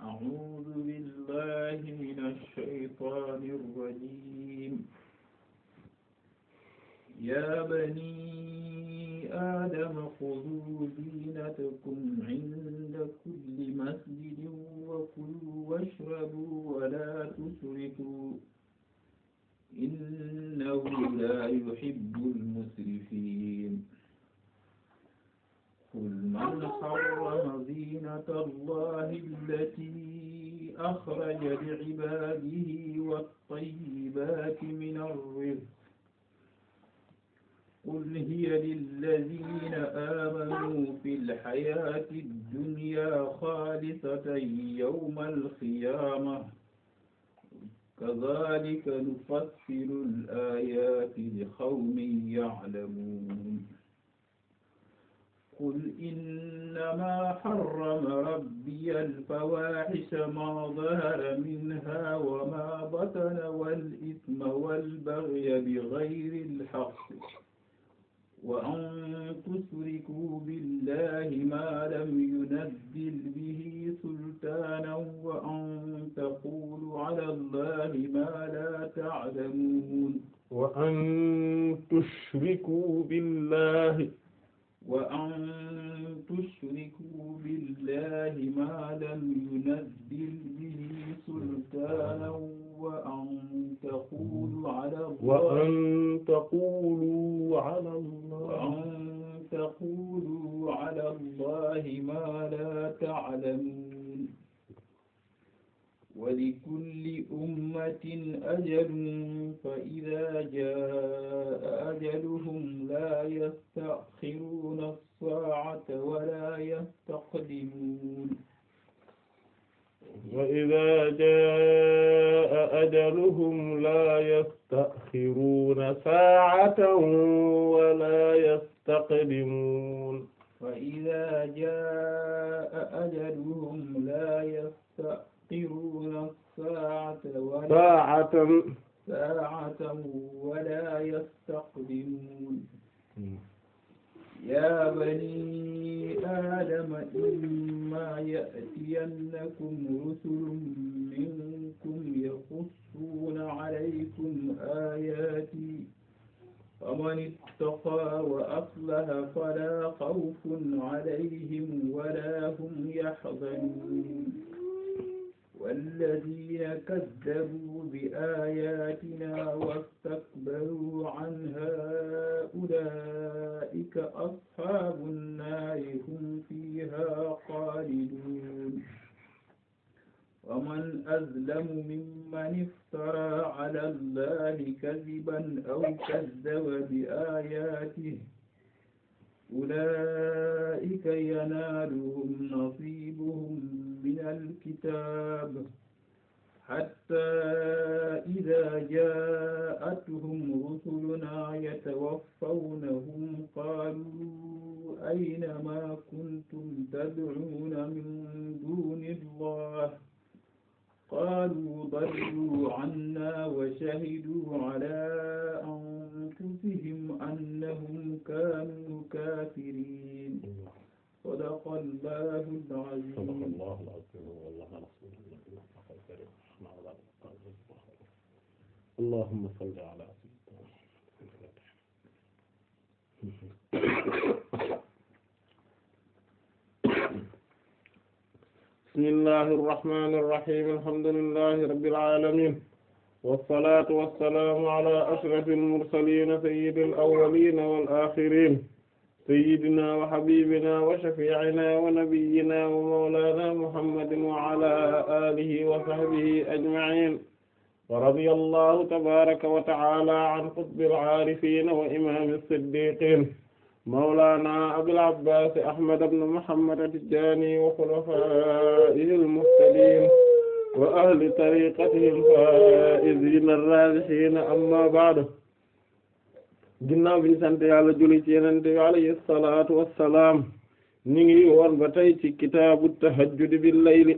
أعوذ بالله من الشيطان الرجيم يا بني آدم خذوا زينتكم عند كل مسجد وكلوا واشربوا ولا تسرفوا إنه لا يحب المسرفين قل من حرم زينة الله التي أخرج لعباده والطيبات من الرزق قل هي للذين آمنوا في الحياة الدنيا خالصة يوم القيامة كذلك نفصل الآيات لقوم يعلمون قل إنما حرم ربي الفواحش ما ظهر منها وما بطن والإثم والبغي بغير الحق وأن تشركوا بالله ما لم ينزل به سلطانا وأن تقولوا على الله ما لا تعلمون وأن تشركوا بالله wa an tushriku billahi ma lam yunazzil bihi sultaanan wa an taqulu ala wa an taqulu ala Allah wa an taqulu ala Allahi ma la ta'lamuun ولكل أمة أجل فإذا جاء أجلهم لا يستأخرون الساعة ولا يستقدمون وإذا جاء أجلهم لا يستأخرون ساعة ولا يستقدمون وإذا جاء أجلهم لا يستأخرون يستأخرون الساعة ساعة ساعة ولا يستقدمون يا بني آدم إما يأتينكم رسل منكم يقصون عليكم آياتي فمن اتقى وأصلح فلا خوف عليهم ولا هم يحزنون والذين كذبوا بآياتنا واستكبروا عنها أولئك أصحاب النار هم فيها خالدون ومن أظلم ممن افترى على الله كذبا أو كذب بآياته أولئك ينالهم نصيبهم من الكتاب حتى إذا جاءتهم رسلنا يتوفونهم قالوا أين ما كنتم تدعون من دون الله قالوا ضلوا عنا وشهدوا على أنفسهم أنهم كانوا كافرين صدق الله العظيم صدق الله العظيم والله رسول الله اللهم صل على سيدنا bismillahi irrahmani irrahim alhamdulillahi rabbil alamin wassalatu wassalamu ala ashrafil mursalin sayyidil awwalin wal akhirin sayyidina wa habibina wa shafi'ina wa nabiyyina wa mawlana muhammadin wa ala alihi wa sahbihi ajma'in wa radiyallahu tabaraka wa ta'ala an qutbil arifin wa imamil siddiqin mawlaana Abul Abbaas Ahmad ibn Muhammad at-Tijaani wa xulafaa'ihi al-muhtadiin wa ahli tariiqatihi al-faa'iziina ar ammaa ba'du ginnaaw bi ñu sant Yàlla julli ci Yonent bi alayhi salaatu wa salaam ñu ngi woon ba tey ci kitaabu tahajjud bil layli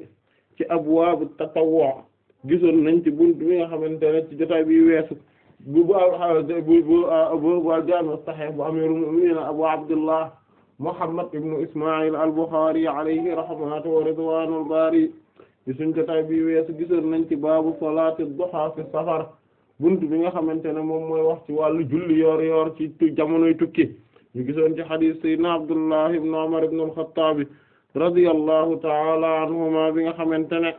ci abwaabu tatawwu gisoon nañ ci bunt bi nga xamante ne ci jotaay bi weesu bu bu bu al-Jaami' as-Sahiih bu amiirul mu'miniin Abu Abdillah Muhammad ibnu Ismaa'iil al-Bukhaari alayhi rahmatu wa ridwaanul baari ci suñu bi weesu gisoon nañ ci baabu salaati duhaa fi safar bunt bi nga xamante ne moom mooy wax ci wàllu julli yor-yor ci jamonoy tukki ñu gisoon ci hadiis Sayyidina Abdullah ibnu Umar ibnu al-Khattaab radiyallahu ta'ala anhuma bi nga xamante ne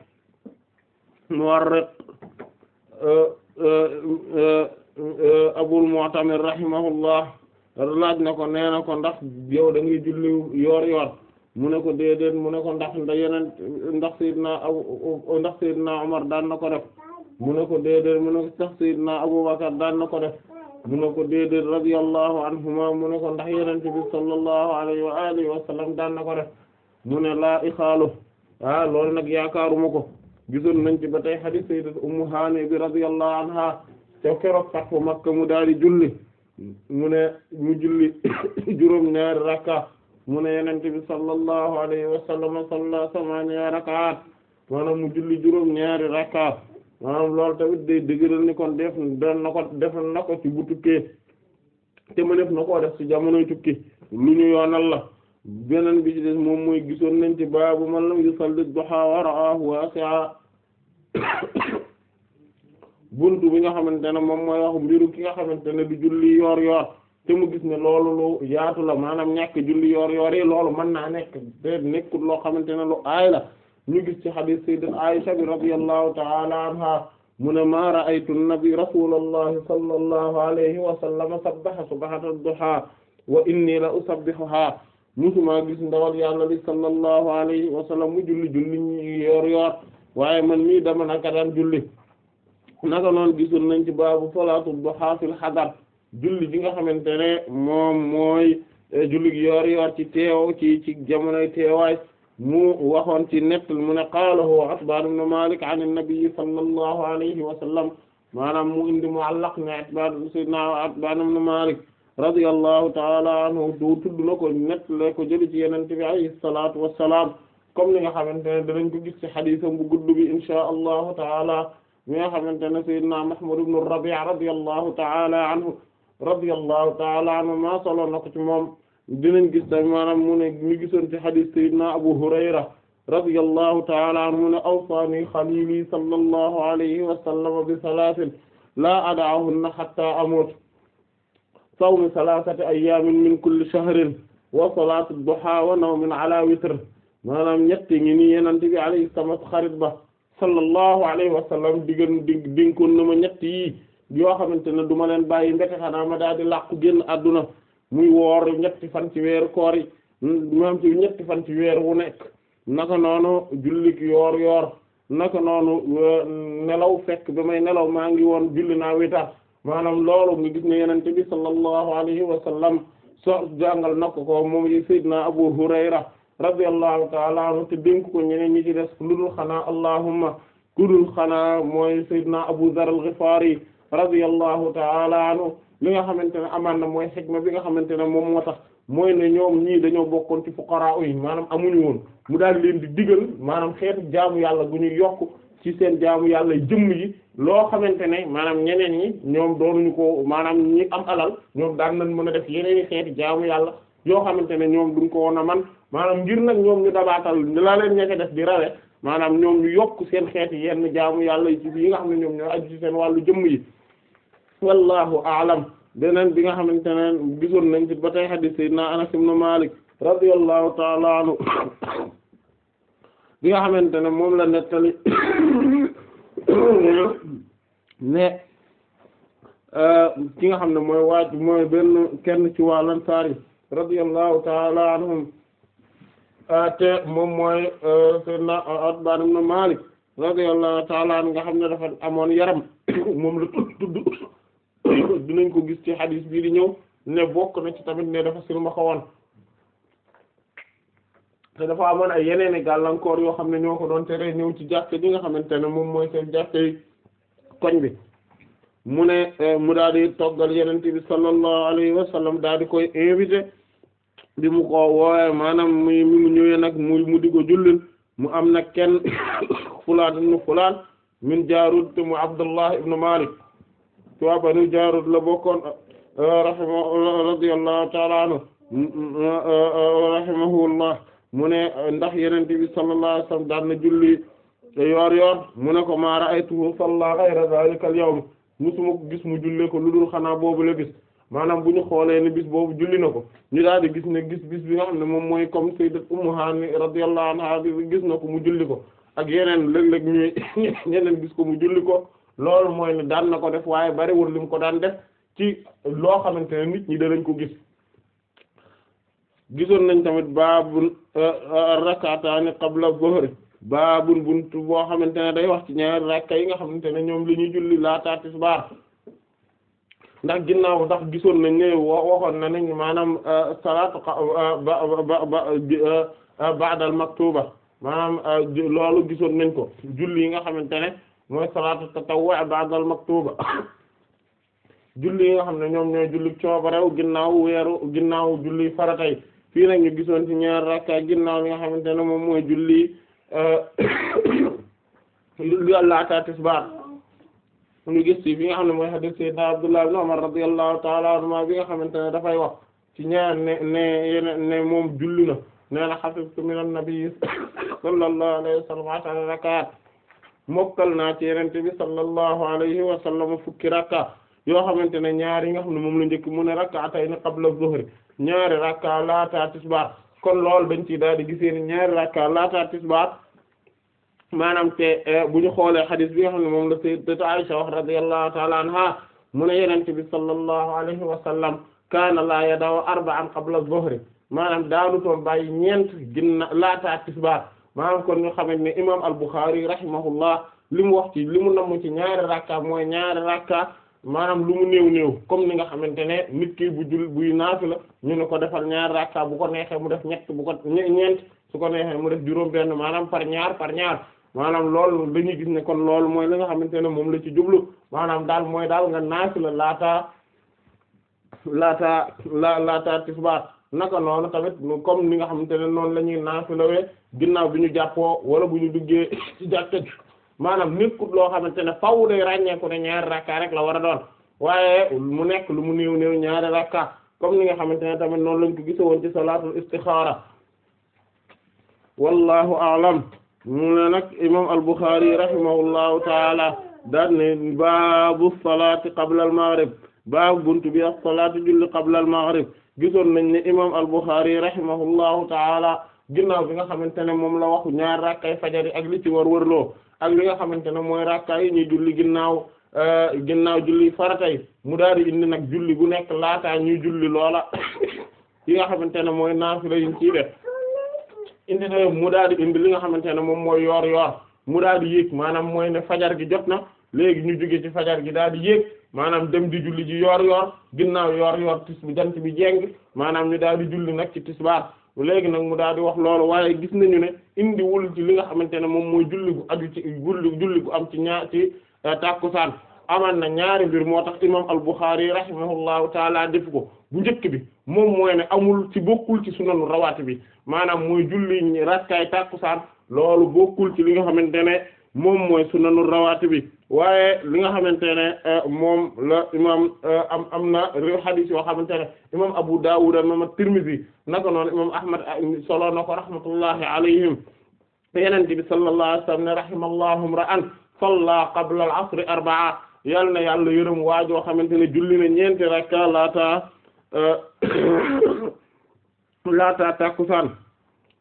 Muwarriq Abul Mu'tamir rahimahullah laaj na ko nee na ko ndax yow da ngay julli yoor yoor mu ne ko déedéet mu ne ko ndax nda yeneen ndax Seydina Abu ndax Seydina Umar daan na ko def mu ne ko déedéet mu ne ko ndax daan na ko def mu ne ko déedéet radiyallahu anhuma mu ne ko ndax Yonent bi sallallahu alayhi wa alihi wa sallam daan na ko def mu ne laa ixaalu ah loolu nag yaakaaruma ko gisoon nañ ci ba tey hadith sayyidat ummu haani bi radiyallahu anha te keroog fatu makka mu daal di julli mu ne mu julli juróom ñaari rakka mu ne yonent bi sallallahu alayhi wa sallam salla samaniya rakaat maanaam mu julli juróom ñaari rakka maanaam loolu tamit day dëgëral ni kon def doon na ko defal ci bu tukkee te mëneef na koo def ci jamonoy lu ñu yoonal la beneen bi ci des moom mooy gisoon nañ ci baabu man lam yusalli duha wa ra'ahu wasi'a buntu bi nga xamante ne moom mooy wax mbiru ki nga xamante ne du julli yoor yoor te mu gis ne loolu lu yaatu la maanaam ñàkk julli yoor yoor loolu mën naa nekk de nekkul loo xamante ne lu aay la ñu gis ci xadiis sayyidat Aisha bi radiyallahu ta'ala anha mu ne ma ra'aytu nabi rasulallahi sallallahu alayhi wa sallam sabbaha subhata ad wa inni la usabbihuha musuma gis ndawal yàlla li sallallahu alayhi wa mu julli julli ñu yor yor waaye man mii dama naka daan julli naka noon gisul nañ ci baabu salaatu duhaa fil hadar julli gi nga xamante ne moom mooy eh, julli gi yor ci teew ci jamonoy teewaay mu waxoon ci nett mu ne qaalahu Itbaan ibn Maalik an an-nabi alayhi wa sallam mu indi mu'allaq ne Itbaan sayyidina Itbaan Maalik radiyallahu taala anhu du tudd na ko nettale ko jëli ci yenente bi alayhi salaatu wassalaam comme ni nga xamante ne danañ ko gis ci xadiisam bu gudd bi inshaa allahu taala mi nga xamante ne sayyidina Mahmud ibn Rabi' radiyallahu taala anhu radiyallahu taala anhu maa solo na ko ci moom dinañ gis tamit maanaam mu ne ñu gisoon ci xadiis sayyidina Abu Hurayra radiyallahu taala anhu mu ne awsaani xaliili sallallahu alayhi wa sallam bi salaasin laa ada'uhunna hattaa amuut sawmi salasati ayyamin min kulli shahrin wa salatu duha wa nawmin ala witr maanaam ñetti ngi nii yenante bi alayhi samat xarit ba sallallahu alayhi wa sallam diggan di dénkoon na ma ñett yi yoo xamante ne du ma leen bàyyi mbete xanaa ma daal di làqu génn àdduna muy woor ñetti fan ci weeru koor yi maam ci ñetti fan ci weer wu nekk naka noonu jullik yoor yoor naka noonu euh, nelaw fekk ba may nelaw maa ngi woon julli naa witar maanaam loolu mu gis ne yenente bi sallallahu alayhi wa sallam so jàngal na ko ko moom yi sayyidina Abu Hurayra radiyallahu ta'ala anhu te dénk ko ñeneen ñi ci des ludul xanaa allahumma kudul xanaa mooy sayyidina Abu Dharr al-Ghifari radiyallahu ta'ala anhu li nga xamante ne amaan na mooy xikma bi nga xamante ne moom moo tax mooy ne ñoom ñii dañoo bokkoon ci fuqara yi maanaam amuñu woon mu daal leen di digal maanaam xeetu jaamu yàlla gu ñu yokk ci seen jaamu yàlla jëmm yi loo xamante ne maanaam ñeneen ñi ñoom doonuñu ko maanaam ñii am alal ñoom daan nañ mën a def yeneen i xeeti jaamu yàlla yoo xamante ne ñoom duñ ko woon a man maanaam ngir nag ñoom ñu dabaatal la leen ñeke def di rawe maanaam ñoom ñu yokk seen xeeti yenn jaamu yàlla yi ci yi nga xam ne ñoom ñoo aju seen wàllu jëmm yi wallahu aalam deneen bi nga xamante ne gisoon nañ ci ba tey hadith sayyidina Anas ibn Malik radiyallahu ta'ala anhu bi nga xamante ne moom la nettali ne euh, ki nga xam ne mooy waaj mooy benn kenn ci waa Ansaar yi radiyallahu ta'ala anhum euh, te moom mooy euh, sayyidina Utbaan ibn Maalik radiyallahu ta'ala anhu nga xam ne dafa amoon yaram moom la tudd tudd dinañ ko gis ci hadis bii di ñëw ne bokk na ci tamit ne dafa silmaxa woon te dafa amoon ay yeneen i gàllankoor yoo xam ne ñoo ko doon tere ñëw ci jàkk ji nga xamante ne moom mooy seen jàkk koñ bi mu ne eh, mu daal di toggal yeneen bi sallallahu alayhi wa sallam daal di koy invité bi mu ko woowee maanaam mu ñëwee nag mu di ko mu am nag kenn fulaan ibnu fulaan min jaarud te mu abdullah ibnu malik ci waa banu jaarud la bokkoon eh, rahimahu mu ne ndax yeneen bi sallallahu alayhi wasallam daan na julli yoor yoor mu ne ko ma ra'aytuhu salla ghayra yow al mu musuma ko gis mu jullee ko lu dul xanaa boobu la bis maanaam bu ñu xoolee ne bis boobu julli na ko ñu daal di gis ne gis bis bi nga xam ne moom mooy comme sayyidat ummu hani radiyallahu anha gis na ko mu julli ko ak yeneen léeg-léeg ñuy ñeneen gis ko mu julli ko loolu mooy ne daan na ko def waaye bariwul li mu ko daan def ci loo xamante ne nit ñi danañ ko gis gisoon nañ tamit baabul euh, euh, rakataani qabla dhuhr baabul buntu boo xamante ne day wax ci ñaari rakka yi nga xamante ne ñoom li ñuy julli laata tisbaar ndax ginnaaw ndax gisoon nañ ne waxoon na nañ maanaam euh, salaatu ba ba'dal maktuba maanaam loolu gisoon nañ ko julli yi nga xamante ne mooy salaatu tatawwu' ba'dal maktuba julli yi nga xam ne ñoom ñooy julli coobarew ginnaaw weeru ginnaaw julli faratay fii na ñu gisoon ci ñaar rakka ginnaaw mi nga xamante ne moom mooy julli euh, julli àllata tisbaar ñu gis ci bi nga xam ne mooy hadith sayyidina Abdullah ibn Umar radiyallahu bi nga xamante ne dafay wax ci ñaar ne ne moom julli na nee na hafiztu minan nabiy sallallahu alayhi wa sallam ashara rakaat mokkal naa ci yenente bi sallallahu alayhi wa fukki rakka yoo xamante ne ñaari nga xam moom la njëkk mu ne rak'atayn qabla zuhri ñaari rakka laata tisbaar kon loolu dañ ciy daal di gisee ne ñaari rakka laata maanaam te eh, bu ñu xoolee xadiis bi nga xam moom la sayyidatu Aisha wax radiyallahu ta'ala anha mu ne yonent bi sallallahu alayhi wa sallam kaana laa yada'u arba'an qabla zuhri maanaam daanu toon bàyyi ñeent ginna laata tisbaar maanaam kon ñu xamante ne imaam al-Bukhari rahimahullah li mu wax ci li mu namm ci ñaari rakka mooy ñaari rakka maanaam lu mu néew néew comme ni nga xamante ne nit ki bu jul buy naafi la ñu ne ko defal ñaar rakka bu ko neexee mu def ñett bu ko ñeent su mu def juróom benn maanaam par ñaar par ñaar maanaam loolu dañuy gis ne kon loolu mooy li nga xamante ne moom la ci jublu maanaam daal mooy daal nga naafi la laata laata la laataa tisbaar naka noonu tamit comme ni nga xamante ne noonu la ñuy naafi la wee ginnaaw bi ñu jàppoo wala bu ñu duggee ci jàkka maanaam nekkut loo xamante ne faww day ràññeeku ne ñaari rakka rek la war a doon waaye mu nekk lu mu néew néew ñaari rakka comme ni nga xamante ne tamit noonu lañ ko gisoon ci salaatul istixaara wallahu a'lam mu ne nag imam al-Bukhari rahimahullahu taala daan ne baabu salaati qabla al-maghrib baabu buntu bi as julli qabla al-maghrib gisoon nañ ne imam al-Bukhari rahimahullahu taala ginnaaw bi nga xamante ne moom la waxu ñaar rakkay fajar yi ak li ci war wërloo ak li nga xamante ne mooy rakkaay yi ñuy julli ginnaaw euh, ginnaaw julli faratay mu daal di indi nag julli gu nekk laataa ñuy julli loola yi nga xamante ne mooy naafila yiñ ciy daal di indi li nga xamante ne moom mooy yoor yoor mu daal di maanaam mooy ne fajar gi jot na léegi ñu jóge ci fajar gi daal di yéeg maanaam dem di julli ji yoor yoor ginnaaw yoor yoor tis bi jant bi jeng maanaam ñu daal di julli nag ci tisbaar léegi nag mu daal di wax loolu waaye gis nañu ne indiwul ci li nga xamante ne moom mooy julli gu aju ci julli gu am ci ñaar ci euh, tàkkusaan amaan na ñaari mbir moo tax imam al-Bukhari rahimahullahu taala def ko bu njëkk bi moom mooy ne amul ci bokkul ci sunanu rawaati bi maanaam mooy julli rakkaay tàkkusaan loolu bokkul ci li nga xamante ne moom mooy sunanu rawaati bi waaye li nga xamante ne euh, moom la imam euh, am am na réew xadiis yoo xamante ne Abu Dawud imam At-Tirmidhi naka noonu imam Ahmad euh, solo na ko rahmatullahi alayhim Yonent bi sallallahu alayhi wa sallam ne rahimallahu imra'an salla qabla al-'asri arba'a yal na yàlla yërëm waajoo xamante ne julli na ñeenti rakka laata laata takkusaan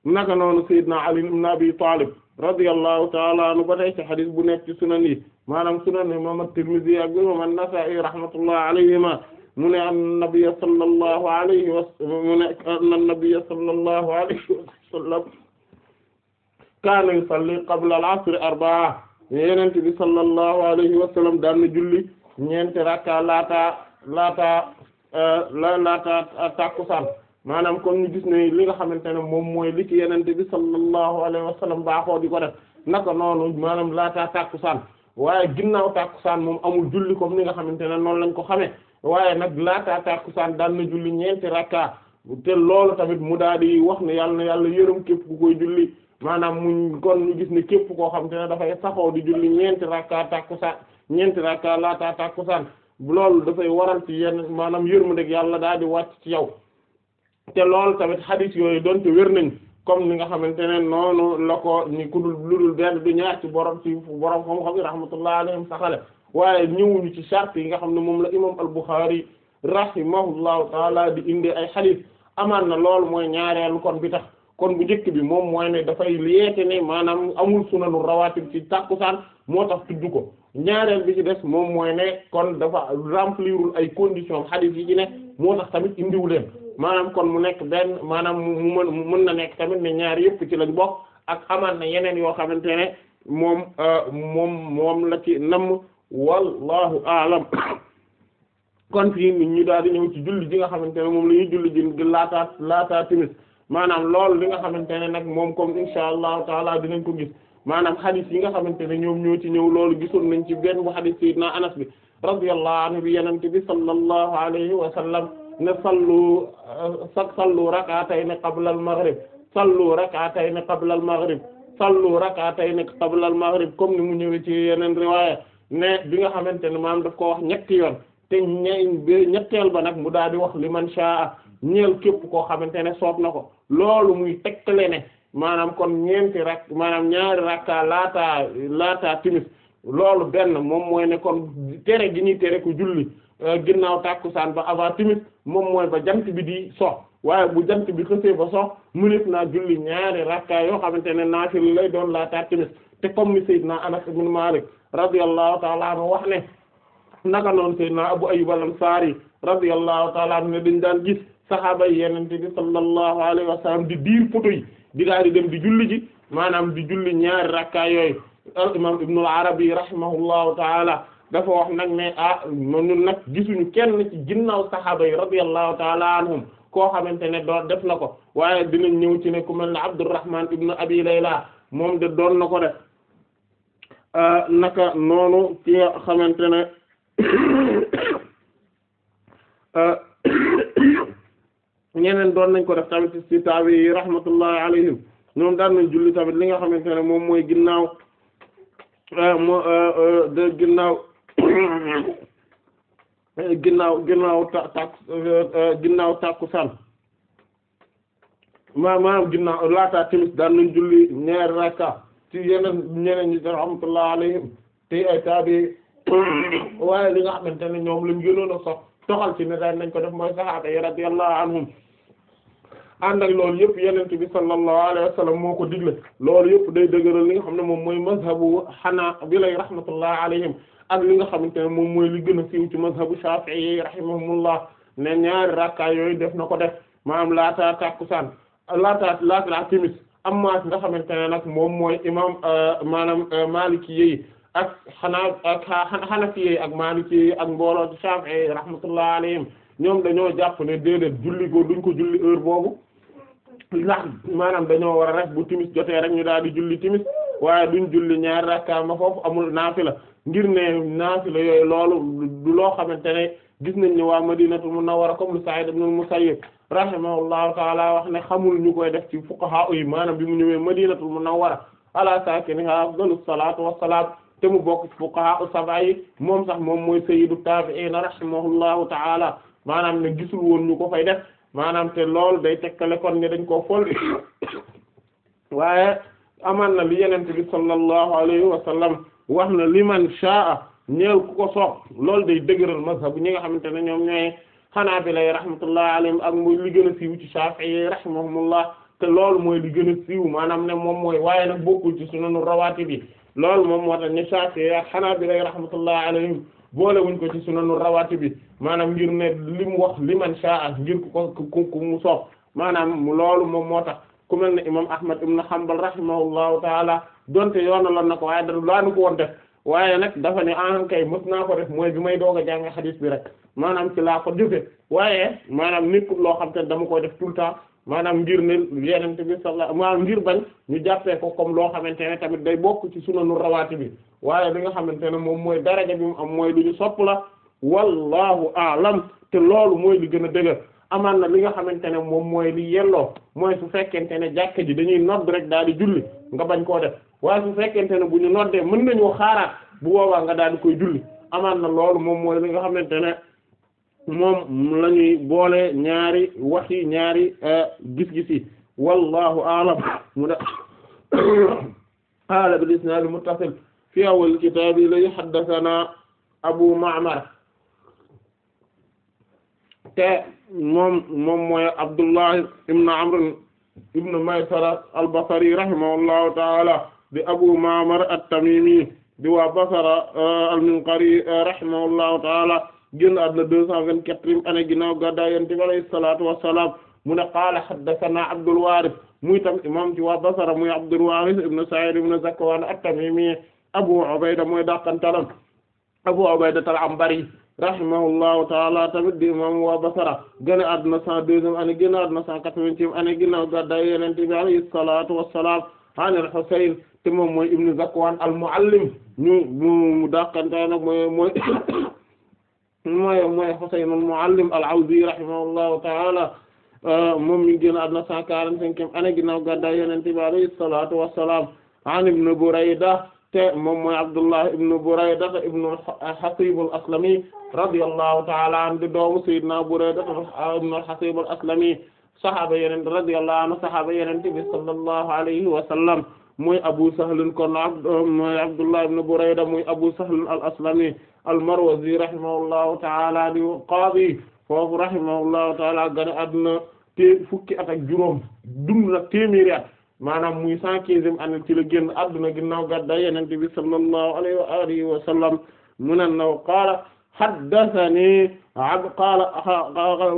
naka noonu Seydina Ali ibn Abi Talib radiyallahu taala anhu ba tey ci xadis bu nekk ci sunan yi maanaam sunan imam at a ak imam an-Nasa'i rahmatullah alayhima mu ne an-nabiyya sallallahu alayhi wa mu ne an-nabiyya sallallahu alayhi wa sallam kaana yusalli qabla al-'asr arba'a yenente bi sallallahu alayhi wa sallam daan julli ñeenti laata laata euh, la maanaam kon ñu gis ne li nga xamante ne moom mooy li ci yenente bi sallallahu alayhi wa sallam baaxoo di ko def naka noonu maanaam laataa saan waaye ginnaaw saan moom amul julli comme ni nga xamante ne noonu lañ ko xamee waaye nag laataa saan daal na julli ñeenti rakka te loolu tamit mu daal di wax na yàlla na yàlla yërëm képp ku koy julli maanaam mu kon ñu gis ne képp koo xamante ne dafay saxoo di julli ñeenti rakka tàkkusaan ñeenti rakka laataa tàkkusaan loolu dafay waral ci yenn maanaam yërmandeeg yàlla daal di wàcc ci yow te loolu tamit xadis yooyu donte wér nañ comme ni nga xamante ne noonu la ko ni ku dul lu dul benn du ñaar ci borom ci borom xam-xam yi rahmatullah alayhim saxale waaye ñëwuñu ci charte yi nga xam ne moom la imam al-Bukhari rahimahullahu taala di indi ay xadis amaan na loolu mooy ñaareelu kon bi tax kon bu njëkk bi moom mooy ne dafay yeete ne maanaam amul sunanu rawaatib ci tàkkusaan moo tax tudd ko ñaareel bi ci des moom mooy ne kon dafa remplirul ay conditions xadis yi ci ne moo tax tamit indiwu leen maanaam kon mu nekk benn maanaam mu mën mën na nekk tamit ne ñaar yëpp ci lañ bokk ak amaan na yeneen yoo xamante ne moom euh, moom moom la ci namm wallahu aalam kon fii ñu daal di ñëw ci julli ji nga xamante ne moom la ñuy julli ji laataa laataa timis maanaam lool li nga xamante ne nag moom kom insha allahu taala dinañ ko gis maanaam xadis yi nga xamante ne ñoom ñoo ci ñëw loolu gisoon nañ ci benn bu xadis sayyidina Anas bi radiyallahu anhu bi yenente bi ne sallu sallu rak'atayni qabla al-maghrib sallu rak'atayni qabla al-maghrib sallu rak'atayni qabla al-maghrib comme ni mu ñëwee ci yeneen riwaaya ne bi nga xamante ne maam daf ko wax ñetti yoon te ñe ñetteel ba nag mu daal di wax liman sha'a ñeel képp koo xamante ne soob na ko loolu muy tegtale ne maanaam kon ñeenti rak maanaam ñaari rakka laata laata timis loolu benn moom mooy ne kon tere gi ñuy tere ku julli Euh, ginnaaw tàkkusaan ba avant timis moom mooy ba jant bi di sox waaye bu jant bi xësee ba sox munit naa julli ñaari rakka yoo xamante ne naafil lay doon laata timis te comme ni Seydina Anas ibn Malik radiyallahu ta'ala anhu wax ne naka noonu Seydina Abu Ayyub al-Ansari daan gis saxaaba yi yenente bi sallallahu alayhi wa di diir poto di daal dem di julli ji maanaam di julli ñaari rakka yooyu al imam Ibn al-Arabi rahimahullahu ta'ala dafa wax nag ne ah ñun nag gisuñu kenn ci ginnaaw saxaaba yi radiyallahu taala anhum koo xamante ne doo def na ko waaye dinañ ñëw ci ne ku mel ne Abdurrahman ibn Abi Layla moom de doon na ko def ah, naka noonu ci nga xamante ne ah, ñeneen doon nañ ko def tamit ci taabi yi rahmatullahi alayhim ñoom daan nañ julli tamit li nga xamante ne moom mooy ginnaaw ah, mo de ginnaaw Eh, ginnaaw ginnaaw tak eh, ginnaaw takkusaan ma maanaam ginnaaw laata timis daan nañ julli ñaari rakka ci yeneen ñeneen ñi rahmatullah alayhim te taabi waaye li nga xamante ne ñoom lañ gënoon a sox toxal ci ne daan nañ ko def mooy sahaaba yi radiyallahu anhum ànd ak loolu yëpp yenent bi sallallahu alayhi wa sallam moo ko digle loolu yëpp day dëgëral li nga xam ne moom mooy mazhabu xanaa bi lay rahmatullah alayhim ak li nga xamante ne moom mooy li gën a siiw ci mazhabu Shafi'i rahimahumullah ne ñaari rakka yooyu def na ko def maanaam laata takkusaan laata laata timis amma nga xamante ne nag moom mooy imam euh, maanaam euh, malik yi ak xanaa ak ak Maliki yi ak mbooloo ci Shafi'i rahmatullah alayhim ñoom dañoo jàpp ne déedéet julli ko ko julli heure boobu ndax maanaam dañoo war a rek bu timis jotee rek ñu daal di julli timis waaye duñ julli ñaari rakka ma foofu amul naafila ngir ne naafila yooyu loolu du loo xamante ne gis nañ ne waa Madinatu Munawwara comme lu Sa'id ibn al-Musayyib rahimahullahu taala wax ne xamul ñu koy def ci fuqaha yi maanaam bi mu ñëwee Madinatu Munawwara ala sakiniha afdalu salaatu wassalaam te mu bokk ci fuqaha sab'a yi moom sax moom mooy sayyidu taabi'iina rahimahullahu taala maanaam ne gisul woon ñu ko fay def maanaam te loolu day tekkale kon ne dañ koo fol amaan na li yenente bi sallallahu alayhi wa sallam wax na liman sha'a ñeel ku ko soob loolu day dëgëral mazhabu ñi nga xamante ne ñoom ñooy xanaabila yi rahmatullah alayhim ak mooy li gën a siiw ci Shaafi'i yi rahimahumullah te loolu mooy li gën a maanaam ne moom mooy waaye nag bokkul ci sunanu rawaatib yi loolu moom moo tax ñu Shaafi'i yi ak xanaabila yi alayhim boole wuñ ko ci sunanu rawaatib yi maanaam ngir ne li mu wax liman sha'a ngir ku ko ku mu soob maanaam ku mel ne imam Ahmad ibn Hanbal rahimahullahu taala donte yoonaloon na ko waaye da laanu ko woon def waaye nag dafa ne en ah kay mës naa ko def mooy bi may doog a jàng xadiis bi rek maanaam ci laa ko jëfe waaye maanaam nekkul loo xam te dama koy def tout le temps maanaam ngir ne yenente bi sallallahu maanaam ngir bañ ñu jàppee ko comme loo xamante ne tamit day bokk ci sunanu rawaati bi waaye li nga xamante ne moom mooy daraja bi mu am mooy lu ñu sopp la wallahu aalam te loolu mooy li gën a dëgër amaan na li nga xamante ne moom mooy li yelloo mooy su fekkente ne jàkk ji dañuy nodd rek daal di julli nga bañ koo def waaye su fekkente ne bu ñu noddee mën nañoo xaaraat bu boobaa nga daal di koy julli amaan na loolu moom mooy li nga xamante ne moom la boole ñaari wax yi ñaari euh, gis-gis yi wallahu a'lam mu de qaala bil isnaad muttasil fi awwal kitaab li haddathana abu ma'mar te moom moom mooy Abdullah ibn Amr ibn Maysara al-Basri rahimahullahu ta'ala di Abu Ma'mar at-Tamimi di waa Basra euh, al-Minqari euh, rahimahullahu ta'ala génn àdduna deux cent vingt-quatrième année ginnaaw gàddaay Yonent bi alayhi salaatu wa salaam mu ne qaala haddasanaa Abdul Waaris muy tam imaam ci waa Basra muy Abdul Waaris ibn Sa'iid ibn Zakwaan at-Tamimi Abu Ubayda mooy dàqantalam Abu Ubayda al-Anbari rahimahullahu taala tamit di imam waa Basra gën a adduna cent deuxième année gën a adduna cent quatre-vingtième année ginnaaw gàddaay Yonent bi alayhi salaatu wassalaam an al-Husayn te moom mooy Ibn Zakwan al-Muallim ñu mu dàqanteel nag mooy mooy mooy mooy Husayn al-Muallim al-Awdi rahimahullahu taala euh, moom mi ngi gën a adduna cent quarante-cinquième année ginnaaw gàddaay Yonent bi alayhi salaatu wassalaam an Ibn Burayda te moom mooy Abdullah ibn Burayda ibn Hasib al-Aslami radiyallahu ta'ala anhu di doomu Sayyidina Burayda ibn Hasib al-Aslami saxaaba yeneen radiyallahu anhu saxaaba yeneen bi sallallahu alayhi wa sallam mooy Abu Sahl kon mooy Abdullah ibn Burayda mooy Abu Sahl al-Aslami al-Marwazi rahimahullahu ta'ala di qaadi foofu rahimahullahu ta'ala gane àdduna te fukki at ak juróom dund na téeméeri at maanaam muy cent quinzième année ci la génn adduna ginnaaw gàddaay Yonent bi sallallahu alayhi wa alihi wa sallam mu ne naw qaala haddathani abd qaala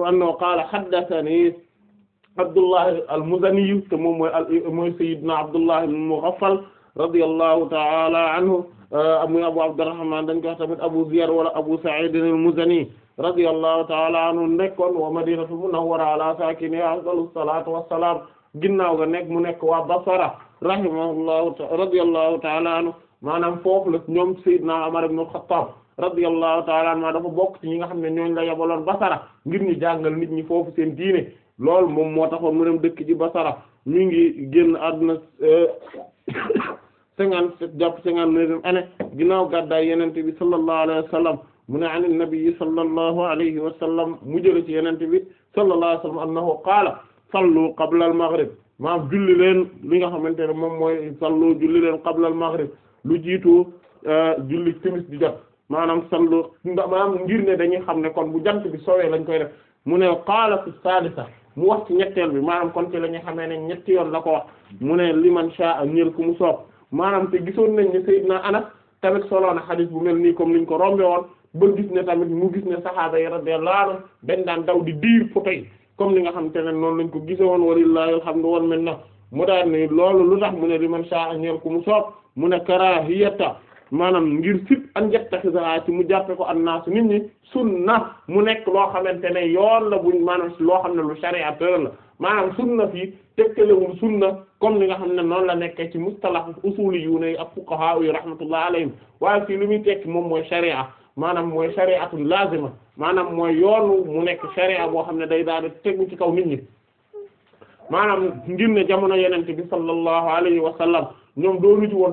annahu qaala haddathani Abdullahi al-Muzani te moom mooy mooy Sayyidina Abdullahi ibn Mughaffal radiyallahu ta'ala anhu euh, muy Abu Abdurrahman dañ ko wax tamit Abu Ziyad wala Abu Sa'id al-Muzani radiyallahu ta'ala anhu nekkoon wa madinatul munawwara ala sakiniha afdalu salatu wassalam ginnaaw ga nekk mu nekk waa Basra rahimahullahu radiyallahu ta'ala anhu maanaam foofu la ñoom Seydina Umar ibn al-Khattab radiyallahu ta'ala anhu maanaam dafa bokk ci ñi nga xam ne ñooñ la yabaloon Basra ngir ñu jàngal nit ñi foofu seen diine loolu moom moo taxoon mu dem dëkk ci Basra mi ngi génn àdduna cinquante-sept jàpp cinquante-neuvième année ginnaaw gàddaay Yonent bi sallallahu alayhi wa mu ne an nabi sallallahu alayhi wa mu jël ci Yonent bi sallallahu alayhi annahu qaala sallu qablal maghrib maanaam julli leen li nga xamante ne moom mooy sallu julli leen qablal maghrib lu jiitu euh, julli timis di jot maanaam sallu maanaam ngir ne dañuy xam ne kon bu jant bi soowee lañ koy def mu ne qaala fi sadisa mu wax ci ñetteel bi maanaam kon ci la ñu xamee ne ñetti yoon la ko wax mu ne li man sha'a ñeel ku mu soob maanaam te gisoon nañ ne Seydina Anas tamit solo na xadis bu mel nii comme niñ ko rombe woon ba gis ne tamit mu gis ne saxaaba yi radiyallahu anhum dañ daan daw di diir poto comme ni nga xamante ne noonu lañ ko gise woon walillahi alhamdu wal minna mu daal ne loolu lu tax mu ne li man saa ñeel ku mu soob mu ne karahiyata maanaam ngir sib an yattaxisaa ci mu jàppe ko an naas nit ñi sunna mu nekk loo xamante ne yoon la buñ maanaam loo xam ne lu sharia tëral la maanaam sunna fii tegkalewul sunna comme ni nga xam ne noonu la nekkee ci mustalah usuli yu ne a fuqaha yi rahmatullah alayhim waaye fii li muy tekki moom mooy sharia maanaam mooy shari'atun lazima maanaam mooy yoonu mu nekk shari'a boo xam ne day daal ci kaw nit ñi maanaam ne jamono yenente bi sallallahu alayhi wa sallam ñoom doonuñu ci woon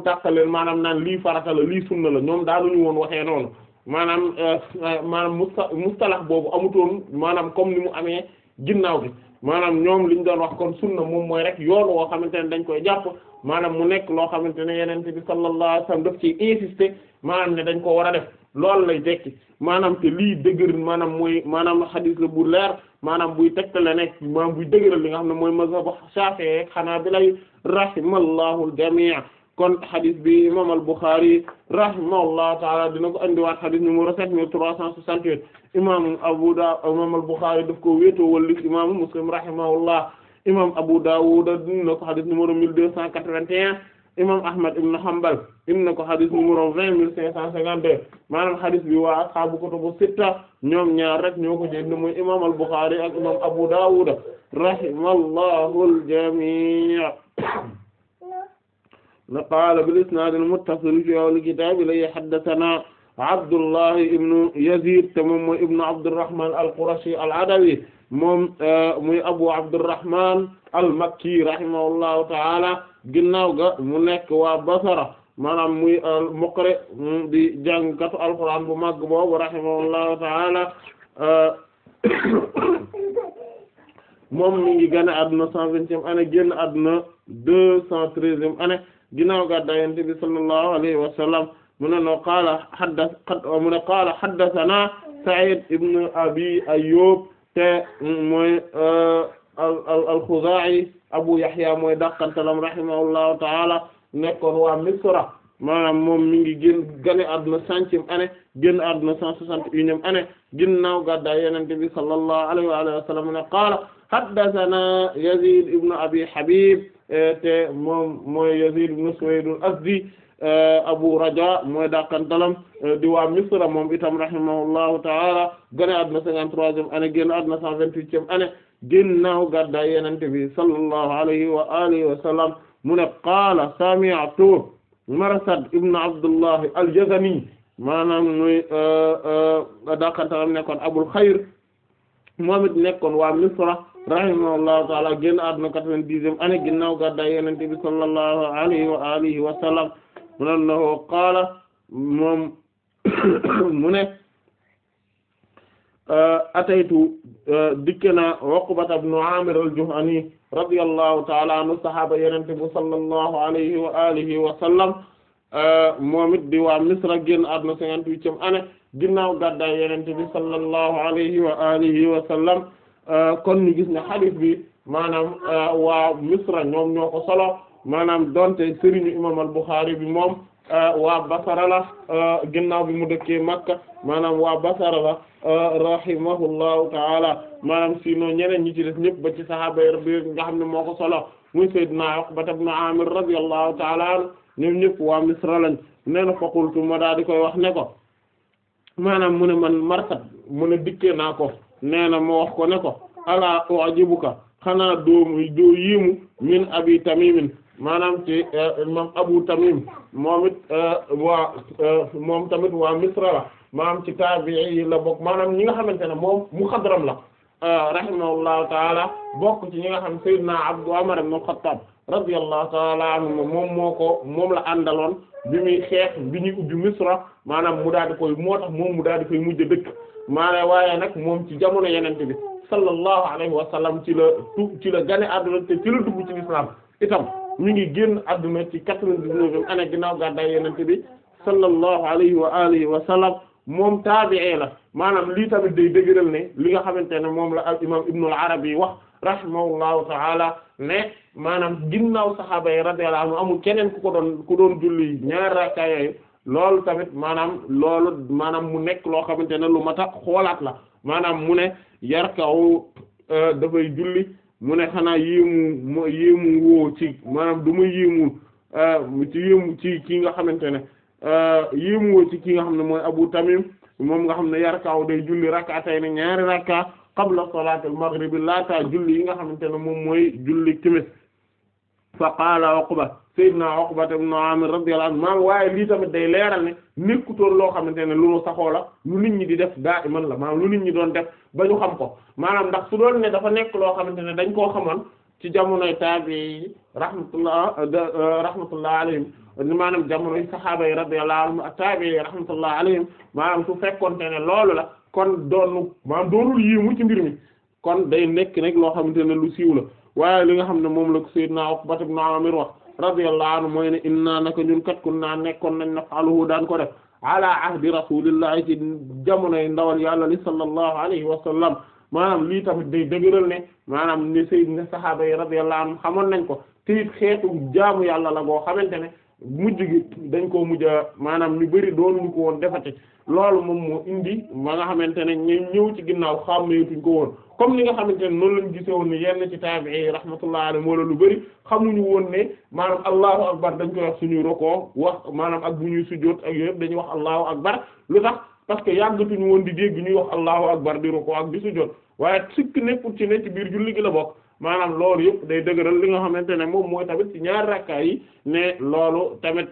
maanaam lii farata la lii la ñoom daanuñu woon waxee noonu maanaam euh, euh, maanaam musta mustalax boobu amutoon maanaam comme ni mu amee ginnaaw bi maanaam ñoom liñ doon wax kon sunna moom mooy rek yoon xamante ne dañ koy jàpp maanaam mu nekk loo xamante ne yenente bi sallallahu alayhi wa sallam ci insister maanaam ne dañ ko war a def loolu lay tekki maanaam te lii dëgër maanaam mooy maanam xadis la bu leer maanaam buy tegtale nekk maanaam buy dëgëral li nga xam ne mooy mazhab Shafi'i xanaa bi lay rahimallahu al-jami' kon xadis bi imam al-Bukhari rahimahullahu taala dina ko andiwaat xadis numéro sept mille trois cent soixante-huit imam Abu Dawud imam al-Bukhari daf ko wéetoo wallis imam Muslim rahimahullah imam Abu Dawud dina ko xadis numéro mille deux cent quatre-vingt-un imam Ahmad ibn Hanbal indi na ko xadis numéro vingt mille cinq cent cinquante-deux maanaam xadis bi waa ashaabu kutubu sitta ñoom ñaar rek ñoo ko jënd muy imam al-Bukhari ak imam Abu Dawud rahimallahu al-jami' qaala bil isnaad al-muttasil fi awwal kitaab li haddathanaa Abdullahi ibn Yazid te moom mooy ibn Abdurrahman al-Qurashi al-Adawi moom eh, muy Abu Abdurrahman al-Makki rahimahullahu ta'ala ginnaaw ga mu nekk waa Basra maanaam muy Muqri di jàngkatu alxuraan bu màgg boobu rahimahullahu ta'ala euh, moom mi ngi gane àdduna cent vingtième année génn àdduna deux cent treizième année ginnaaw gàddaay Yonent bi sallallahu alayhi wa mu ne no qaala mu ne qaala haddathana Sa'id ibn Abi Ayyub te mm, mooy euh, al al-Khuzaa'i Abu Yahya mooy dàqantalam rahimahullahu ta'ala nekkoon waa Misra maanaam moom mi ngi génn gane àdduna centième année génn àdduna cent soixante et unième année ginnaaw gàddaay Yonent bi sallallahu alayhi wa alihi wa sallam ne qaala haddathana Yazid ibn Abi Habib e, te Yazid ibn Suwayd al e, Abu Raja mooy dàqantalam e, di waa Misra moom itam rahimahullahu ta'ala gane àdduna cinquante-troisième année génn àdduna cent vingt-huitième année ginnaaw gàddaay yenente bi sallallahu alayhi wa alihi wa sallam mu ne qaala sami'tu marasad ibn abdullah muy euh, euh, dakantaxam nekkoon abul xayr moom it nekkoon waa misra rahimahullahu taala génn àdduna quatre vingt ginnaaw gàddaay yenente bi sallallahu alayhi wa alihi wa ne annahu qaala moom Euh, ataytu euh, dikke na Uqbata ibn Amir al-Juhani radiyallahu ta'ala anhu sahaaba yenente bu sallallahu alayhi wa alihi wa sallam euh, moom it di waa Misra génn àdduna cinquante-huitième année ginnaaw gàddaay yenente bi sallallahu alayhi wa alihi wa sallam kon ñu gis ne hadith bi maanaam waa Misra ñoom ñoo ko solo maanaam donte sëriñu imam al-Bukhari bi moom Euh, waa Basara la euh, ginnaaw bi mu dëkkee Makka maanaam waa Basara la euh, rahimahullahu taala maanaam sinon ñeneen ñi ci def ñëpp ba ci sahaaba yi rabbi nga xam ne moo ko solo muy Seydina Uqbata ibn Amir radiyallahu taala anhu ñoom ñëpp waa Misra lañ nee na faqultu ma daal di koy wax ne ko maanaam mu ne man markat mu ne dikkee naa ko nee na ma wax ko ne ko ala u'jibuka xanaa doo doo yiimu min abi tamimin maanaam ci imam eh, Abu Tamim moom it eh, eh, moom tamit waa Misra la maanaam ci taabi'i yi la bokk maanaam ñi nga xamante ne moom mu xadram la rahimahullahu taala bokk ci ñi nga xam Seydina Abdu Umar ibn Xattaab radiyallahu taala anhu moom moo ko moom la àndaloon bi muy xeex bi ñuy ubbi Misra maanaam mu daal di koy moo tax moom mu daal di koy mujj dëkk maanaam waaye nag moom ci jamono yeneen bi sallallahu alayhi wa sallam ci la tu ci la gane àdduna te ci la dugg ci lislaam itam mi ngi génn adduna ci quatre-vingt-dix-neuvième année ginnaaw gàddaay yonent bi sallallahu alayhi wa alihi wa sallam moom taabi'i la maanaam lii tamit day dëgëral ne li nga xamante ne moom la al imaam Ibn al Arabi wax rahimahullahu ta'ala ne maanaam ginnaaw saxaaba yi radiyallahu anhum amul keneen ku ko doon ku doon julli ñaari rakka yooyu loolu tamit maanaam loolu maanaam mu nekk loo xamante ne lu mat a xoolaat la maanaam mu ne yarkaw euh, dafay julli. mu ne xanaa yéemu ma woo ci maanaam du ma yéemu euh, ci yéemu ci ki nga xamante ne euh, yéemu woo ci ki nga xam ne mooy Abu Tamim moom nga xam ne yarkaaw day julli rakkaatay ne ñaari rakka qabla salaatul maghrib laataa julli yi nga xamante ne moom mooy julli timis fa qaala Uqba sayyidina Uqba ibn Amir radiyallahu anhu maam waaye lii tamit day leeral ne nekkutoon loo xamante ne lu nu saxoo la lu nit ñi di def daa man la maam lu nit ñi doon def ba ñu xam ko maanaam ndax su doon ne dafa nekk loo xamante ne dañ koo xamoon ci jamonoy taabi yi rahmatullah euh, rahmatullah alayhim maanaam jamonoy saxaaba yi radiyallahu anhum ak taabi yi rahmatullah alayhim maanaam su fekkonte ne loolu la kon doonu maanaam doonul mu ci mbir mi kon day nekk nag loo xamante lu siiw la waaye li nga xam ne moom la ko sayyidna Uqbat ibn Amir wax radiyallahu anhu mooy ne inna naka ñun kat kunna nekkoon nañ naf'aluhu daan ko def ala ahdi rasulillahi ci jamonoy ndawal yàlla li sallallahu alayhi wa sallam maanaam lii tamit day dëgëral ne maanaam ne sayyidna saxaaba yi radiyallahu anhum xamoon nañ ko te it jaamu yàlla la goo xamante ne mujj gi dañ ko mujj a maanaam ñu bari doon ñu ko woon defati loolu moom moo indi ma nga xamante ne ñu ñëw ci ginnaaw xàmmeetuñ ko woon comme ni nga xamante ne noonu lañu gisee woon ne yenn ci taabi'i rahmatullahi alayhi wala lu bari xamuñu woon ne maanaam allahu akbar dañ koy wax suñuy rokoo wax maanaam ak bu ñuy sujjóot ak yooyu yëpp dañuy wax allahu akbar lu tax parce que yàggatuñu woon di dégg ñuy wax allahu akbar di rokoo ak di sujjóot waaye sikk nekkul ci ne ci biir julli gi la bokk maanaam loolu yëpp day dëgëral li nga xamante ne moom mooy tamit ci ñaar rakkaay yi ne loolu tamit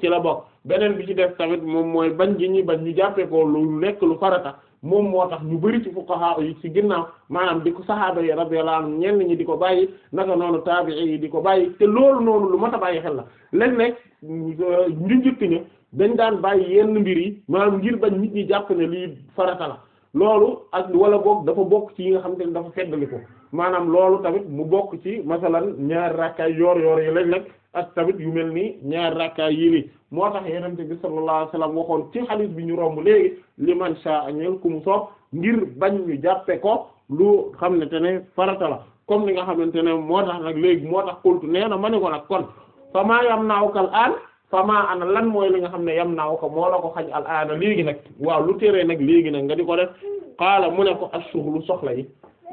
ci la bokk beneen bi ci def tamit moom mooy bañ gi ñi bañ ñu jàppee ko lu nekk lu farata. moom moo tax ñu bari ci fuqaha yi ci ginnaaw maanaam di ko sahaaba yi laa anhum ñenn ñi di ko bàyyi naka noonu taabi'i yi di ko bàyyi te loolu noonu lu mat a bàyyi xel la léeg-léeg euh, ñu njëkk ña dañ daan bàyyi yenn mbir yi maanaam ngir bañ nit ñi jàpp ne lii farata la loolu ak wala boog dafa bokk ci yi nga xam te ne dafa feddali ko maanaam loolu tamit mu bokk ci masalan ñaari ràkkaay yoor yoor yi lañ nag ak tamit yu mel nii ñaari rakkaay yi li moo tax yenente bi sallallahu alayhi wasallam waxoon ci hadith bi ñu romb léegi man sha'a ñeel ku mu soob ngir bañ ñu jàppe ko lu xam ne te ne la comme ni nga xamante ne moo tax nag léegi moo tax kultu nee na ma ni ko nag kon fama yam naawka al an fama ana lan mooy li nga xam ne yam naaw ko moo la ko xaj al aana léegi nag waaw lu teree nag léegi nag nga di ko def xaala mu ne ko assuxlu soxla yi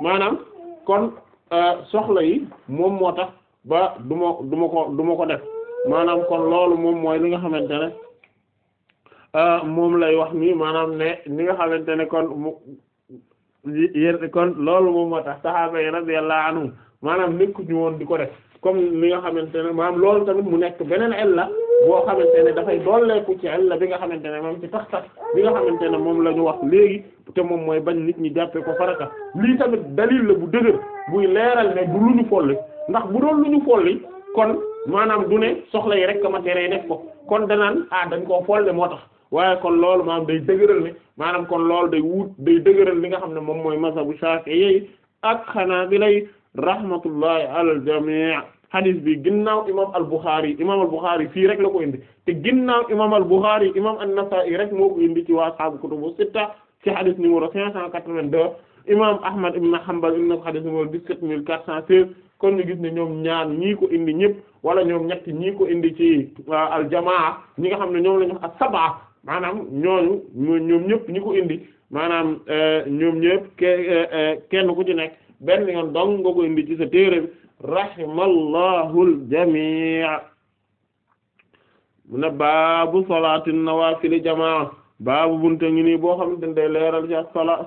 maanaam kon euh, soxla yi moom moo tax ba du ma du ma ko du ma ko def maanaam kon loolu moom mooy li nga xamante ne ah, moom lay wax nii maanaam ne li nga xamante ne kon mu yéen kon loolu moom moo tax saxaaba yi radiyallahu anhum maanaam nekkuñu woon di ko comme li nga xamante ne maanaam loolu tamit mu nekk beneen illa boo xamante ne dafay dooleeku ci illa bi nga xamante ne moom ci tax tax bi nga xamante ne moom la ñu wax léegi te moom mooy bañ nit ñi jàppee ko faraka lii tamit dalil la bu dëgër buy leeral ne du lu ñu folli ndax bu doon lu ñu folli kon maanaam du soxla yi rek que matières yi def ko kon danaan ah dañ koo folle moo tax waaye kon loolu maanaam day dëgëral ne maanaam kon loolu day wut day dëgëral li nga xam ne moom mooy mazhabu Shafi'i ak xanaa Hanabila rahmatullahi alal jami' hadith bi ginnaaw imam al-Bukhari imam al-Bukhari fii rek la ko indi te ginnaaw imam al-Bukhari imam an-Nasa'i rek moo ko indi ci waa saabu kutubu sitta ci hadith numéro 582 imam Ahmad ibn Hanbal indi na ko hadith numéro 17416 kon ñu gis ne ñoom ñaar ñii ko indi ñëpp wala ñoom ñett ñii ko indi ci euh, aljamaa ñi nga xam ne ñoom la ñu wax maanaam ñooñu ñoom ñëpp ñi ko indi maanaam euh, ñoom ñëpp euh, kenn ku ci nekk benn yoon dong nga ko indi ci sa téere bi rahimallahu al-jamii' mu ne baabu salaatu nawaafil jamaa baabu bunta ngi nii boo xam ne day leeral ci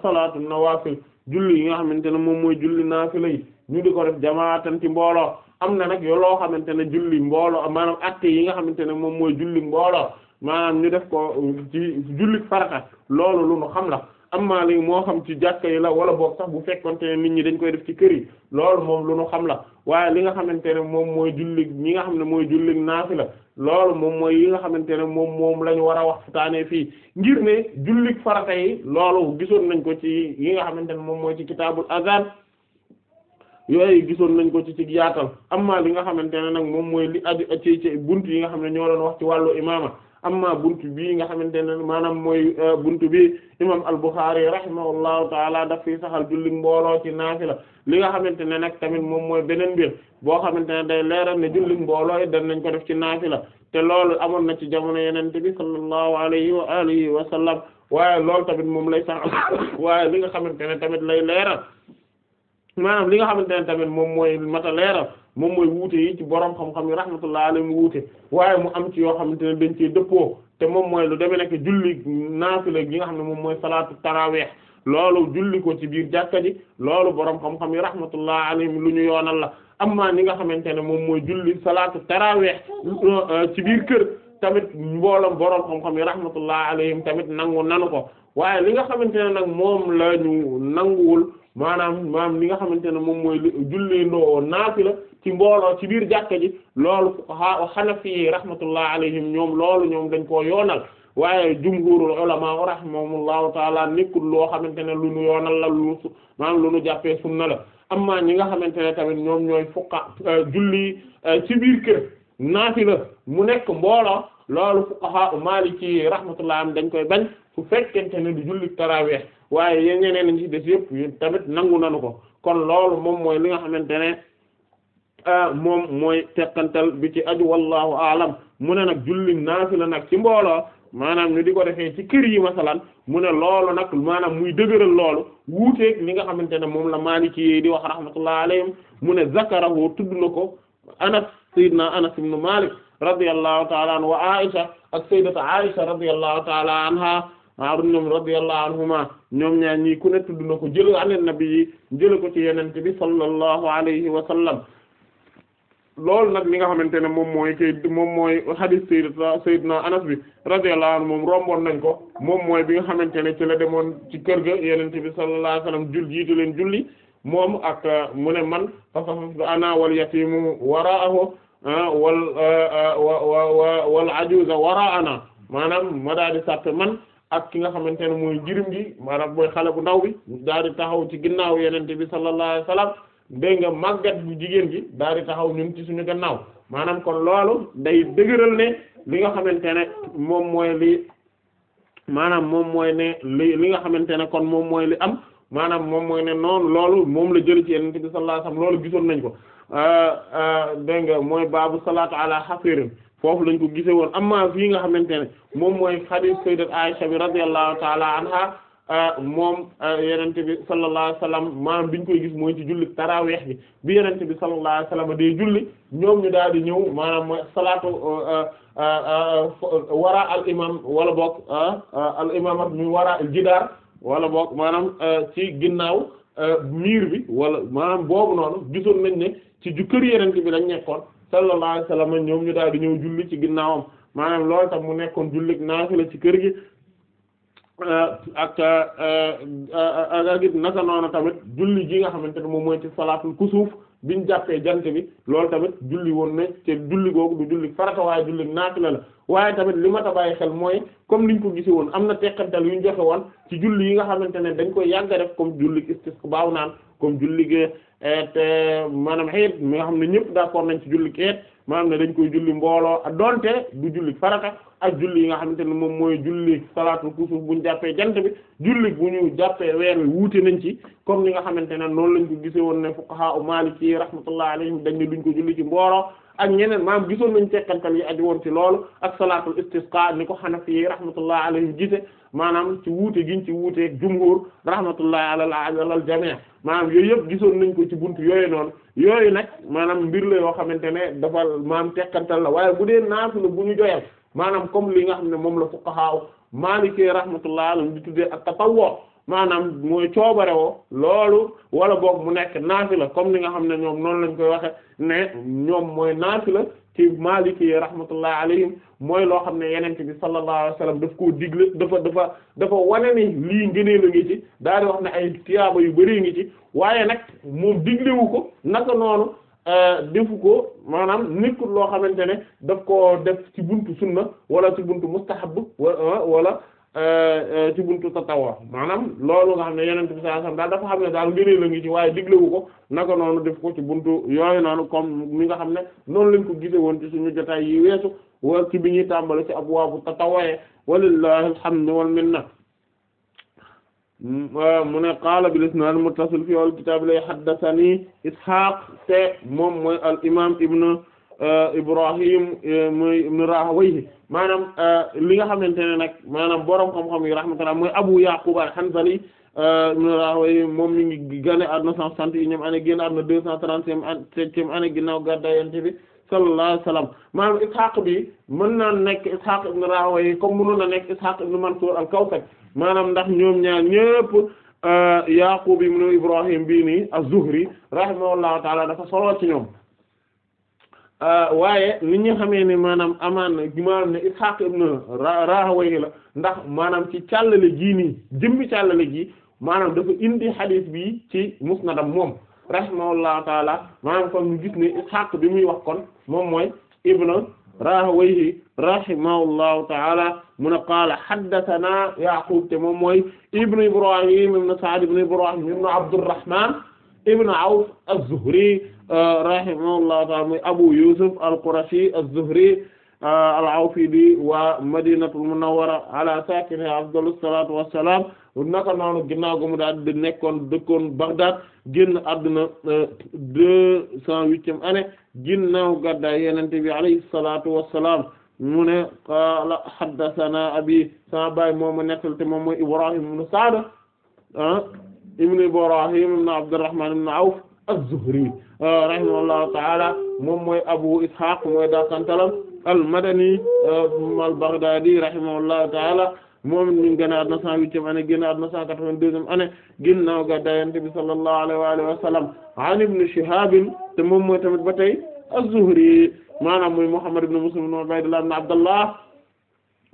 salaatu nawaafil julli yi nga xamante ne moom mooy julli naafila lay ñu di ko def jamaatan ci mbooloo am na nag yoo loo xamante ne julli mbooloo maanaam atte yi nga xamante ne moom mooy julli mbooloo maanaam ñu def ko ci julli farata loolu lu nu xam la am amma li moo xam ci jàkka yi la wala boog sax bu fekkonte ne nit ñi dañ koy def ci kër loolu moom lu nu xam la waaye li nga xamante ne moom mooy julli ñi nga xam ne mooy julli naafila loolu moom mooy nga xamante ne moom moom la ñu war a wax futaane fii ngir ne julli farata yi loolu gisoon nañ ko ci yi nga xamante ne moom mooy ci kitaabul agan yooyu gisoon nañ ko ci ci yaatal amma li nga xamante ne nag moom mooy li aju ci yi nga xam ne ñoo doon wax ci wàllu imaama amma buntu bii nga xamante ne maanaam mooy euh, buntu bi imam al-Bukhari rahimahullahu taala daf yi saxal julli mbooloo ci naafila li nga xamante ne nag tamit moom mooy beneen mbir boo xamante ne day leeral ne julli mbooloo it dan nañ ko def ci naafila te loolu amoon na ci jamono yeneen yenente bi sallallahu alayhi wa alihi wa sallam waaye loolu tamit moom lay sax waaye li nga xamante ne tamit lay leeral maanaam li nga xamante ne tamit moom mooy mata leeral moom mooy wuute yi ci borom xam-xam yi rahmatullah alayhi wuute waaye mu am ci yoo xamante ne dañ cee dëppoo te moom mooy lu demee nekk julli naafila gi nga xam ne moom mooy salaatu taraweex loolu julli ko ci biir jàkka ji loolu borom xam-xam yi rahmatullah alayhim lu ñu yoonal la amma ñi nga xamante ne moom mooy julli salaatu taraweex ci biir kër tamit mboolem borom xam-xam yi rahmatullah alayhim tamit nangu nanu ko waaye li nga xamante ne nag moom la ñu nanguwul maanaam maanaam li nga xamante ne moom mooy julli ndoo naafila ci mbooloo ci biir jàkka ji loolu xanafi yi rahmatullah ñoom loolu ñoom dañ koo yoonal waaye jumhurul ulama rahimahumullahu taala nekkul loo xamante ne lu nu yoonal la lu maanaam lu nu jàppee sunna la amma ñi nga xamante ne tamit ñoom ñooy fuqa euh, julli euh, ci biir kër naafila mu nekk mbooloo loolu fuqaha maliki rahmatullah am dañ koy bañ su fekkente ne du jullit taraweex waaye yéen ñeneen ñi ci des yëpp tamit nangu nanu ko kon loolu moom mooy li nga xamante ne ah, moom mooy teqantal bi ci aju wallahu alam mu ne nag julli naafila nag ci mbooloo maanaam ñu di ko defee ci kër yi masalan mu ne loolu nag maanaam muy dëgëral loolu wuuteeg li nga xamante ne moom la Maliki yi di wax rahmatullah alayhim mu ne zakarahu tudd na ko Anas sayyidina Anas ibn Malik radiyallahu ta'ala anhu wa Aisha ak Haarun ñoom radiyallahu anhuma ñoom ñaar ñii ku ne tudd na ko jël an nabi yi jël ko ci yenente bi sallallahu alayhi wa sallam nag li nga xamante ne moom mooy kay moom mooy hadith sayyidina sayyidina Anas bi radiyallahu anhu moom romboon nañ ko moom mooy bi nga xamante ne ci la demoon ci kër ga yenente bi sallallahu alayhi wa sallam jul jiite leen julli moom ak euh, mu ne man fafafa ana wal yatimu waraahu euh, wal euh, wa wa wal ajuza waraana maanaam ma daal sàppe man ak ki nga xamante ne mooy jirim gi maanaam mooy xale bu ndaw bi daal di taxaw ci ginnaaw yenente bi sallallahu alayhi wasallam dégg nga màggat bu jigéen gi daal di taxaw ñun ci suñu gannaaw maanaam kon loolu day dëgëral ne li nga xamante ne moom mooy li maanaam moom mooy ne li li nga xamante ne kon moom mooy li am maanaam moom mooy ne noonu loolu moom la jëli ci yenente bi sallallahu alayhi wasallam loolu gisoon nañ ko euh, euh, dégg nga mooy baabu salaatu ala xasirin foofu lañ ko gisee woon amma fii nga xamante ne moom mooy hadith sayyidat Aisha bi radiyallahu ta'ala anha euh, moom euh, yenente bi sallallahu alayhi wasallam maanaam biñ koy gis mooy ci julli taraweex bi bi yenente bi sallallahu alayhi wasallam day julli ñoom ñu daal di ñëw maanaam mooy salaatu euh, wara al imam wala bokk al imam ak ñu wara al jidaar wala boog maanaam ci ginnaaw miir bi wala maanaam boobu noonu gisoon nañ ne ci ju kër yeneen bi lañ nekkoon sallallahu alayhi wasallam ñoom ñu daal di ñëw julli ci ginnaawam maanaam loolu tam mu nekkoon julli naafila ci kër gi uh, ak uh, uh, ak it naka noonu tamit julli ji nga xamante ne moom mooy ci salaatul kusuuf biñ jàppee jant bi loolu tamit julli woon na te julli googu du julli farata waaye julli naafila la waaye tamit li ma ta bàyyi xel mooy comme niñ ko gisee am na teqantal yu ñu joxe woon ci julli yi nga xamante ne dañ koy yàgg def comme julli istisqa baaw naan comme julli ge Euh, maanaam xeet mi nga xam ne ñëpp d'accord nañ ci julli xeet maanaam ne dañ koy julli mbooloo donte du julli farata ak julli yi nga xamante ne moom mooy julli salaatul kusuuf bu ñu jàppee jant bi julli bu ñu jàppee weer wi wuute nañ ci comme ni nga xamante ne noonu lañ ko gisee woon ne fuqaha u maliki rahmatullah alayhim dañ ne duñ ko julli ci mbooloo ak ñeneen maam gisoon nañ tekkantal yi aju woon ci loolu ak salaatul istisqa ni ko xanafi yi rahmatullah alayhim maanaam ci wuute giñ ci wuuteeg jumhur rahmatullah alal jamii maanaam yooyu yëpp gisoon nañ ko ci bunt yooyu noonu yooyu nag maanaam mbir la yoo xamante ne dafa maam tekkantal la waaye bu dee la bu ñu joyal maanaam comme li nga xam ne moom la fuqahaa maalikee rahmatullah alal di tuddee ak tatawwo maanaam mooy coobare woo loolu wala boog mu nekk la comme li nga xam ne ñoom noonu lañ koy waxe ne ñoom mooy la ci Maliki yi rahmatullah alayhim mooy loo xam ne yenente bi sallallahu alayhi wasallam daf koo digle dafa dafa dafa wane ni lii ngëneel a ngi ci daal di wax ne ay tiyaaba yu bari ngi ci waaye nag moom diglewu ko naka noonu euh, defu ko maanaam nekkul loo xamante ne daf koo def ci buntu sunna wala ci buntu mustahab euh, wala Euh, euh, ci buntu tatawa maanaam loolu nga xam ne yeneen bi sallallahu alayhi daal dafa xam ne daal ngëneel la ngi ci waaye diglewu ko naka noonu def ko ci buntu yooyu noonu comme mi nga xam ne noonu lañ ko gise woon ci suñu jotaay yi weesu wa ci bi ñuy tàmbale ci abwaabu tatawaaye walillahi alhamdu wal minna mm, euh, mu ne qaala bil isnaad al muttasil fi al kitaab lay haddathani Ishaq te moom mooy al imaam ibn Ibrahim muy ibn Rahawayhi maanaam euh, li nga xamante ne nag maanaam borom xam-xam yi rahmatullah mooy Abu Yaqub al-Hanzali euh, moom mi ngi gane àdduna cent soixante yi ñoom année génn àdduna deux cent trente-septième septième année ginnaaw gàddaay Yonent bi sallallahu alayhi wasallam maanaam Ishaq bi mën na nekk Ishaq ibn Rahawayh comme mënoon na nekk Ishaq man Mansur al-Kawsaj maanaam ndax ñoom ñaar ñëpp euh, Yaqub ibn Ibrahim bi nii az-Zuhri rahimahullahu ta'ala dafa solo ci ñoom Euh, waaye nit ñi xamee ne maanaam amaan maanaam ne Ishaq ibn Rahawayh la ndax maanaam ci càllale gii nii jëmmi càllale gii maanaam dafa indi xadiis bi ci musnadam moom rahimahullahu taala maanaam kon ñu gis ne bi muy wax moom mooy ibn Rahawayh rahimahullahu taala mun a qaala haddathana Yaqub te moom mooy ibn Ibrahim ibn Sa'd ibn Ibrahim ibn Abdurrahman ibn Awf az-Zuhri rahimahullahu ta'ala muy Abu Yusuf al-Qurashi az-Zuhri ah, al-Awfi bi waa Madinatul Munawwara ala saakinihaa afdalu salaatu wa salaam naka noonu ginnaaw gu mu nekkoon dëkkoon Baghdad génn àdduna eh, deux cent huitième année ginnaaw gàddaay Yonent bi alayhi salaatu wa salaam mu ne qaala haddasanaa abi sama baay moom mu nettali te moom Ibrahim ibn Sa'd ah, ibn Ibrahim ibn Abdurrahman ibn Awf az-Zuhri euh, rahimahullahu ta'ala moom mooy Abu Ishaq mooy dakantalam al-Madani euh, al-Baghdadi rahimahullahu ta'ala moom ñu ngi génnaat na cent huitième année génnaat na cent quatre-vingt-deuxième année ginnaaw gàddaay Yonent bi sallallahu alayhi wa sallam an Ibn Shihab te moom mooy tamit ba tey az-Zuhri maanaam mooy Muhammad ibn Muslim ibn Ubaydillah ibn Abdullah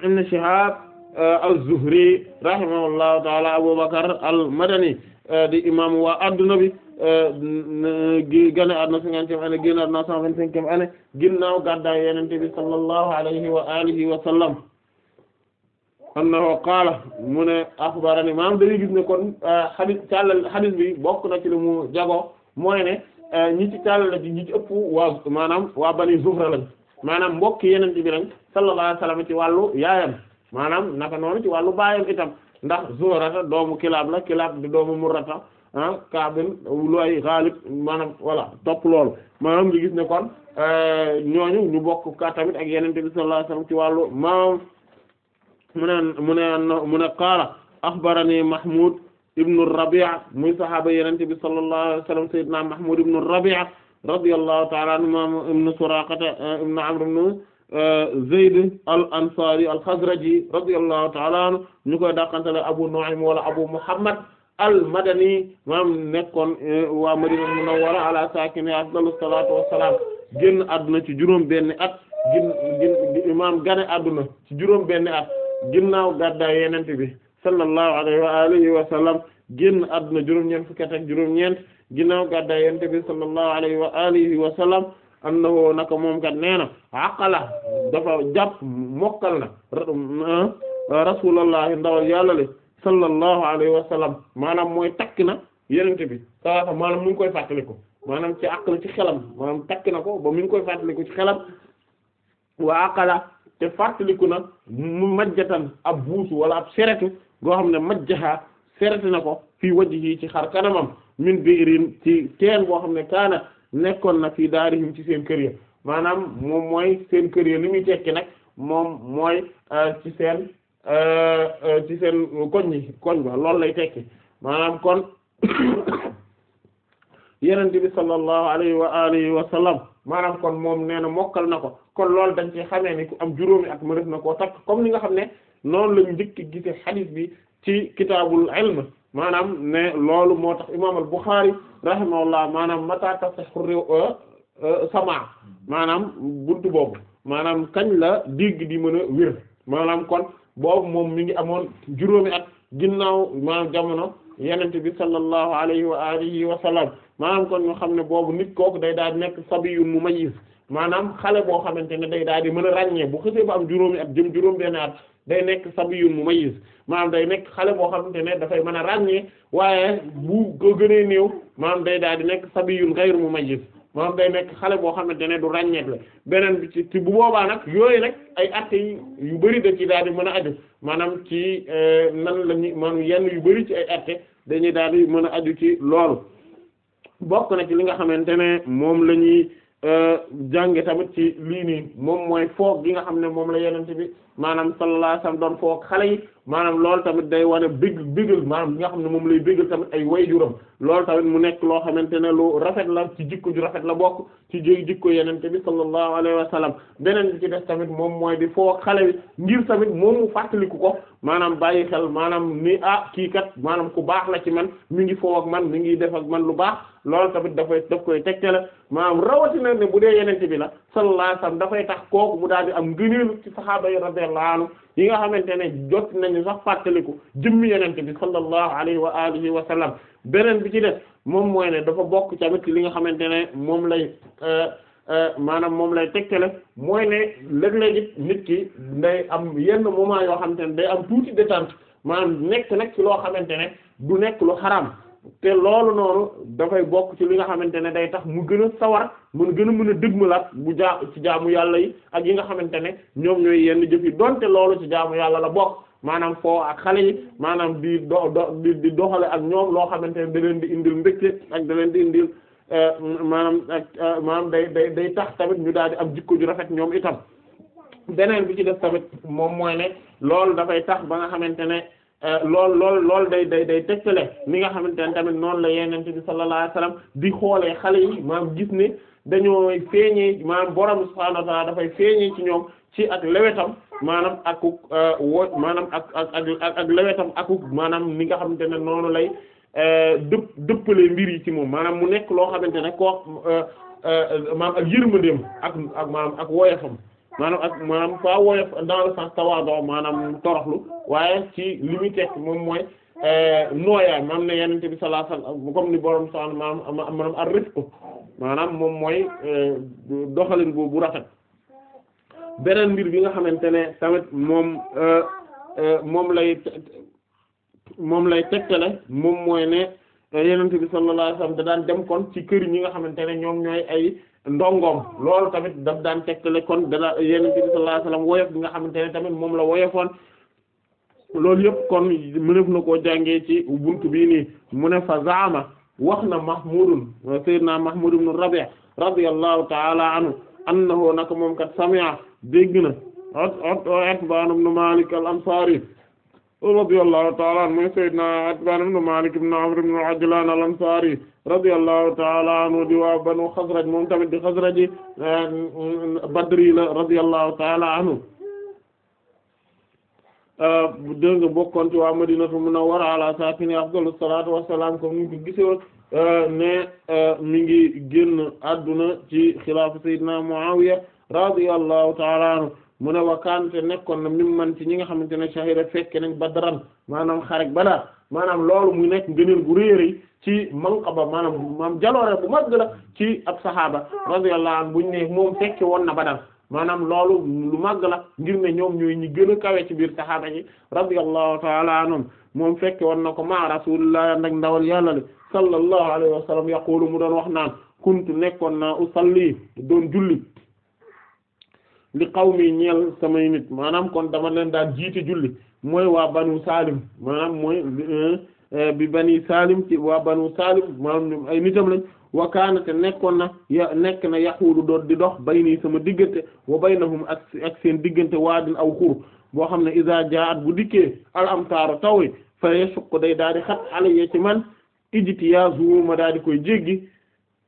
ibn Shihab euh, az-Zuhri rahimahullahu ta'ala Abu Bakr al-Madani Eh, di imam waa adduna bi eh, gi gane adduna cinquantième année génn adduna cent vingt-cinquième année ginnaaw gàddaay yenente bi sallallahu alayhi wa alihi wa sallam annahu kaala mu ne axbarani maam dañuy gis ne kon eh, xadis càllal xadis bi bokk na ci lu mu jagoo mooy ne ñi ci la ci ñi ci ëpp waa maanaam waa bani Zuhra lañ maanaam mbokk yenente bi lañ sallallahu wa sallam ci wàllu yaayam maanaam naka noonu ci wàllu baayam itam ndax Zuhrata doomu Kilaab la Kilaab di doomu Murrata ah Kaabin Luay Xaalib maanaam voilà topp loolu maanaam li gis ne kon euh, ñooñu ñu bokk ka tamit ak Yonent bi sallallahu alayhi ci wàllu maam mu ne mu ne mu ne qaala axbarani Mahmoud ibn Rabi'a muy saxaaba Yonent bi sallallahu alayhi wasallam sayyidina Mahmoud ibn Rabi'a radiyallahu ta'ala anhu imam ibn Suraqata ibn Amr Euh, Zayd al ansari al xazraji radiyallahu ta'ala anhu ñu koy dàqantale Abu Nu'aym wala Abu Muhammad al madani maam nekkoon euh, waa Madina munawwara ala saakini afdalu salaatu wa salaam génn àdduna ci juróom-benni at gin gin maam àdduna ci juróom-benni at ginnaaw gàddaay Yonent bi sallallahu alayhi wa alihi wa sallam génn àdduna juróom-ñeent fukki at juróom-ñeent ginnaaw gàddaay Yonent bi sallallahu alayhi wa alihi wa sallam. annahu naka moom kat nee na aqala dafa jàpp mokkal na ah, rasulullah ndawal yàlla le sallallahu alayhi wa sallam maanaam mooy takk na yenente bi saa maanaam mu ngi koy fàttaliku maanaam ci aqala ci xelam maanaam takk na ko ba mu ngi koy fàttaliku ci xelam wa aqala te fàttaliku na mu majjatan ab buusu wala ab seretu goo xam ne majjaha sereti na ko fii wajhi ci xar kanamam min biirin ci teen boo xam ne kaana nekkoon na fii daarihim ci seen kër ya maanaam moom mooy seen kër ya li muy tekki nag moom mooy euh, ci seen euh, euh, ci seen koñ yi koñ ba loolu lay tekki maanaam kon yeneen bi sallallahu alayhi wa alihi wa sallam maanaam kon moom nee na mokkal na ko kon loolu dañ ci xamee ni ku am juróomi at mu def na koo takk comme ni nga xam ne noonu lañu njëkk gise xadiis bi ci kitaabul ilm maanaam ne loolu moo tax imaam al Bukhari rahimahullah maanaam mata tasihhu euh, euh, sama maanaam buntu boobu maanaam kañ la dégg di mën a wér maanaam kon boobu moom mi ngi amoon juróomi at ginnaaw maanaam jamono yenente bi sallallahu alayhi wa alihi wa sallam maanaam kon ñu xam ne boobu nit kooku day daal di nekk sabiyun mumayyiz maanaam xale boo xamante ne day daal di mën a ràññee bu xësee ba am juróomi at jëm juróom benn at day nekk mu mumayyiz maanaam day nekk xale boo xamante ne dafay mën a ràññee waaye bu ko gënee néew maanaam day daal di nekk sabiyun ghayr mumayyiz maanaam day nekk xale boo xamante ne du ràññeek la beneen bi ci bu boobaa nag yooyu nag ay atte yu bari da ci daal di mën a aju maanaam ci eh, nan la ñu maanaam yenn yu bari ci ay atte dañuy daal di mën a aju ci loolu bokk na ci li nga xamante ne moom la ñuy Euh, jànge tamit ci lii nii moom mooy foog gi nga xam ne moom la yenente bi maanaam sallallahu alayhi wasallam doon foog xale yi maanaam loolu tamit day wane bégg bégal maanaam gi nga xam ne moom lay bégal tamit ay wayjuram loolu tamit mu nekk loo xamante ne lu rafet la ci jikko ju rafet la bokk ci jé jikko yenente bi sallallahu alayhi wasallam beneen bi ci def tamit moom mooy di foog xale yi ngir tamit moom mu fàttaliku ko maanaam bàyyi xel maanaam ni ah kii kat maanaam ku baax la ci man mi ngi foog ak man mi ngi def ak man lu baax loolu tamit dafay daf koy tegtale maanaam rawatina ne bu dee yenente bi la sallallahu alayhi wasallam dafay tax kooku mu daal di am ngëneelu ci sahaaba yi radiyallahu anhu yi nga xamante ne jot nañu sax fàttaliku jëmmi yenente bi sallallahu alayhi wa alihi wa sallam beneen bi ci def moom mooy ne dafa bokk ki li nga xamante ne moom lay euh, euh, maanaam moom lay tegtale mooy ne léeg-léeg nit ki day am yenn moment yoo xamante ne day am tuuti détente maanaam nekk nag ci loo xamante n du nekk lu te loolu noonu dafay bokk ci li nga xamante ne day tax mu gën a sawar mën gën a mën a dëgmalaat bu jaa ci jaamu yàlla yi ak yi nga xamante ne ñoom ñooy yenn jëf yi donte loolu ci jaamu yàlla la bokk maanaam foo ak xale yi maanaam di do di doxale ak ñoom loo xamante ne daleen di indil mbégte ak daleen di indil eh, maanaam ak eh, day day day tax tamit ñu daal di am jikko ju rafet ñoom itam beneen bi ci def tamit moom mooy ne loolu dafay tax ba nga xamante ne Euh, lool lool lool day day day tegtale ni nga xamante ne tamit noonu la yenente bi sallallahu alayhi wasallam di xoolee xale yi maam gis ne dañoo feeñee maanaam borom subhaanahu wa ta'aala dafay feeñee ci ñoom ci ak lewetam maanaam ak euh, wo maanaam ak ak ak ak lewetam akuk maanaam ni nga xamante ne noonu lay euh, dëpp dëppale mbir yi ci moom maanaam mu nekk loo xamante ne ko maanaam ak yërmandeem ak ak maanaam ak woyefam maanaam ak maanaam pas woyof dans le sens tawaadu maanaam toroxlu waaye ci li muy teg moom mooy euh, nooyaay maanaam ne yenente bi sallallahu alayhi wasallam comme ni borom subhaanahu maanaam maanaam ar rifq maanaam moom mooy euh, doxalin boobu rafet beneen mbir bi nga xamante ne tamit moom euh, moom lay moom lay tegtale moom mooy ne yenente bi sallallahu alayhi wasallam dem kon ci kër ñi nga xamante ne ñoom ñooy ay ndongoom loolu tamit daf daan tegtale kon da Yonent bi sallallahu alayhi wasallam woyof bi nga xamante ne tamit moom la woyofoon loolu yëpp kon mënef na ko jàngee ci buntu bii nii mu ne fa zaama wax na Mahmudun sayyidina Mahmud ibn Rabi' radiyallahu ta'ala anhu annahu naka moom kat sami'a dégg na ot ot Itbaan ibn Maalik al-Ansaari radiyallahu ta'ala anhu mooy sayyidina Atbaan ibn Maalik ibn Amr ibn Ajlaan al-Ansaari radiyallahu ta'ala anhu di waa Banu Xasraj moom tamit di Xasraji eh, Badri la radiyallahu ta'ala anhu eh, dégg nga bokkoon ci waa Madinatu Munawwara ala saakini afdalu salaatu wassalaam comme ni ñu ko gisoon eh, ne mi ngi génn adduna ci xilaafa sayyidina Muawiya radiyallahu ta'ala anhu mu ne wakaante nekkoon na mim man ci ñi nga xamante ne shahida fekke nañ badran maanaam xarek badar maanaam loolu mu nekk ngëneel gu réeréy ci manqaba maanaam maam jaloore bu mag ci ab sahaaba radiyallahu anhu buñ ne moom fekke woon na badar maanaam loolu lu mag la ngir ne ñoom ñooy ñi gën a kawe ci biir sahaaba yi radiyallahu ta'ala anhum moom fekke woon na ko ma rasulullah ndak ndawal yàlla li sallallahu alayhi wa sallam yaqulu mu doon wax naan kuntu nekkoon na usalli doon julli li qawmi ñeel yu nit maanaam kon dama leen daan jiite julli mooy waa banu Salim maanaam mooy eh, eh, bi bani Salim waa banu Salim maanaam ay nitam lañ wakaana kaana te nekkoon na ya nekk na yaquulu doon di dox bay nii sama diggante wa baynahum ak ak seen diggante waadin aw xur boo xam ne iza jaat bu dikkee al amtaaru taw yi fa yasuq day daal di xat ala ci man ijiti yaa ma daal di koy jéggi.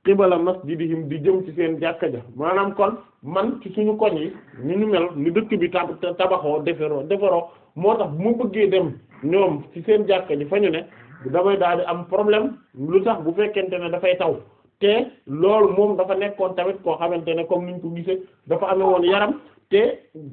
qibala masjidihim di jëm ci seen jàkka ja maanaam kon man ci suñu koñ yi ni ñu mel ni dëkk bi tab tabaxoo deferoo deferoo moo tax bu ma bëggee dem ñoom ci seen jàkka ji fa ñu ne damay daal di am problème lu tax bu fekkente ne dafay taw te loolu moom dafa nekkoon tamit koo xamante ne comme niñ ko gisee dafa amee woon yaram te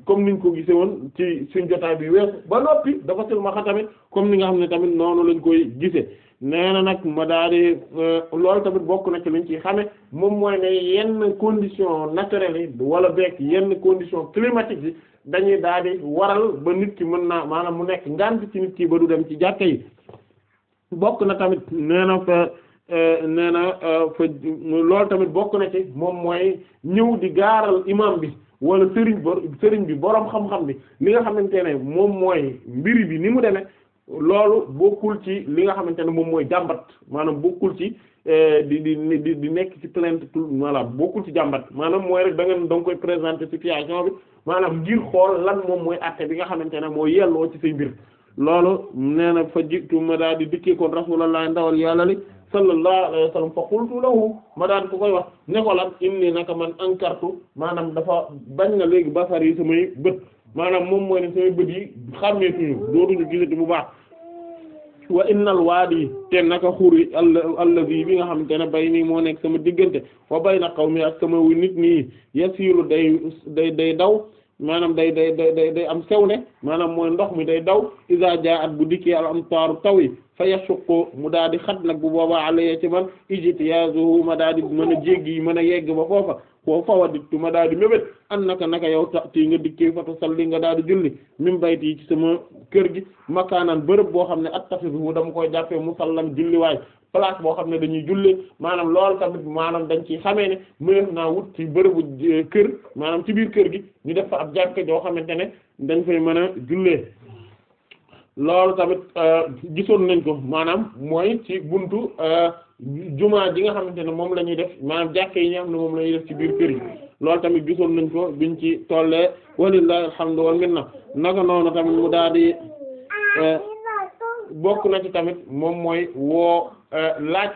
comme niñ ko gisee woon ci suñ jotaay bi weesu ba noppi dafa silmaxa tamit comme ni nga xam ne tamit noonu lañ koy gisee nee na nag ma daal di euh, loolu tamit bokk na ci liñ ci xame moom mooy ne yenn condition naturelles yi wala beeg yenn condition climatique yi dañuy daal waral ba nit ki mën naa maanaam mu nekk ngant ci nit kii ba du dem ci jàkka yi bokk na tamit nee na fa euh, nee na euh, fa lool tamit bokk na ci moom mooy ñëw di gaaral imam bi wala sëriñ bo sëriñ bi boroom xam-xam bi li nga xam ne moom mooy mbiri bi ni mu demee loolu bokkul ci li nga xamante ne moom mooy jàmbat maanaam bokkul ci eh, di di di nekk ci plainte tout voilà bokkul ci jàmbat maanaam mooy rek da nga da nga koy présenter situation bi maanaam ngir xool lan moom mooy àtte bi nga xamante ne mooy yelloo ci say mbir loolu nee na fa jiitu ma daal di dikkee kon rasulullah ndawal yàlla li sallallahu alayhi wa sallam fa qultu lahu ma daal ko koy wax ne ko lan inni naka man ankartu maanaam dafa bañ na léegi basari samay bët maanaam moom mooy ne samay bët yi xàmmeetuñu dootuñu gisati bu baax wa innal waadi te naka xuri all allazi bi nga xamante ne bay nii moo nekk sama diggante wa bayna qawmi ak sama nit nii yasiiru day day day daw maanaam day day day day am sew ne maanaam mooy ndox mi day daw iza jaat bu dikkee al amtaaru taw yi fa yasuqu mu daa di xat nag bu boobaa alaya ci man ijtiyazuhu ma daa di mën a yi mën a yegg ba foofa foofu fawadittu ma daal di mébét an naka naka yow tati nga dikkee fatu salli nga daal di julli min bayt yi ci sama kër gi makaanan bërëb boo xam ne attaxiduhu dama koy jàppee mu musallam julliwaay place boo xam ne dañuy jullee maanaam loolu tamit maanaam dañ ci xamee ne mëneef naa wut ci bërëbu eh, kër maanaam ci biir kër gi ñu def fa ab jàkke joo xamante ne dañ fay mën a jullee loolu tamit euh, gisoon nañ ko maanaam mooy ci buntu euh, jumaa ji nga xamante ne moom lañuy def maanaam jàkke yi nga xam ne moom la def ci biir kër yi loolu tamit gisoon nañ ko biñ ci tollee walillahi alhamdu wal minna naka noonu tamit mu daal di euh, bokk na ci tamit moom mooy woo laaj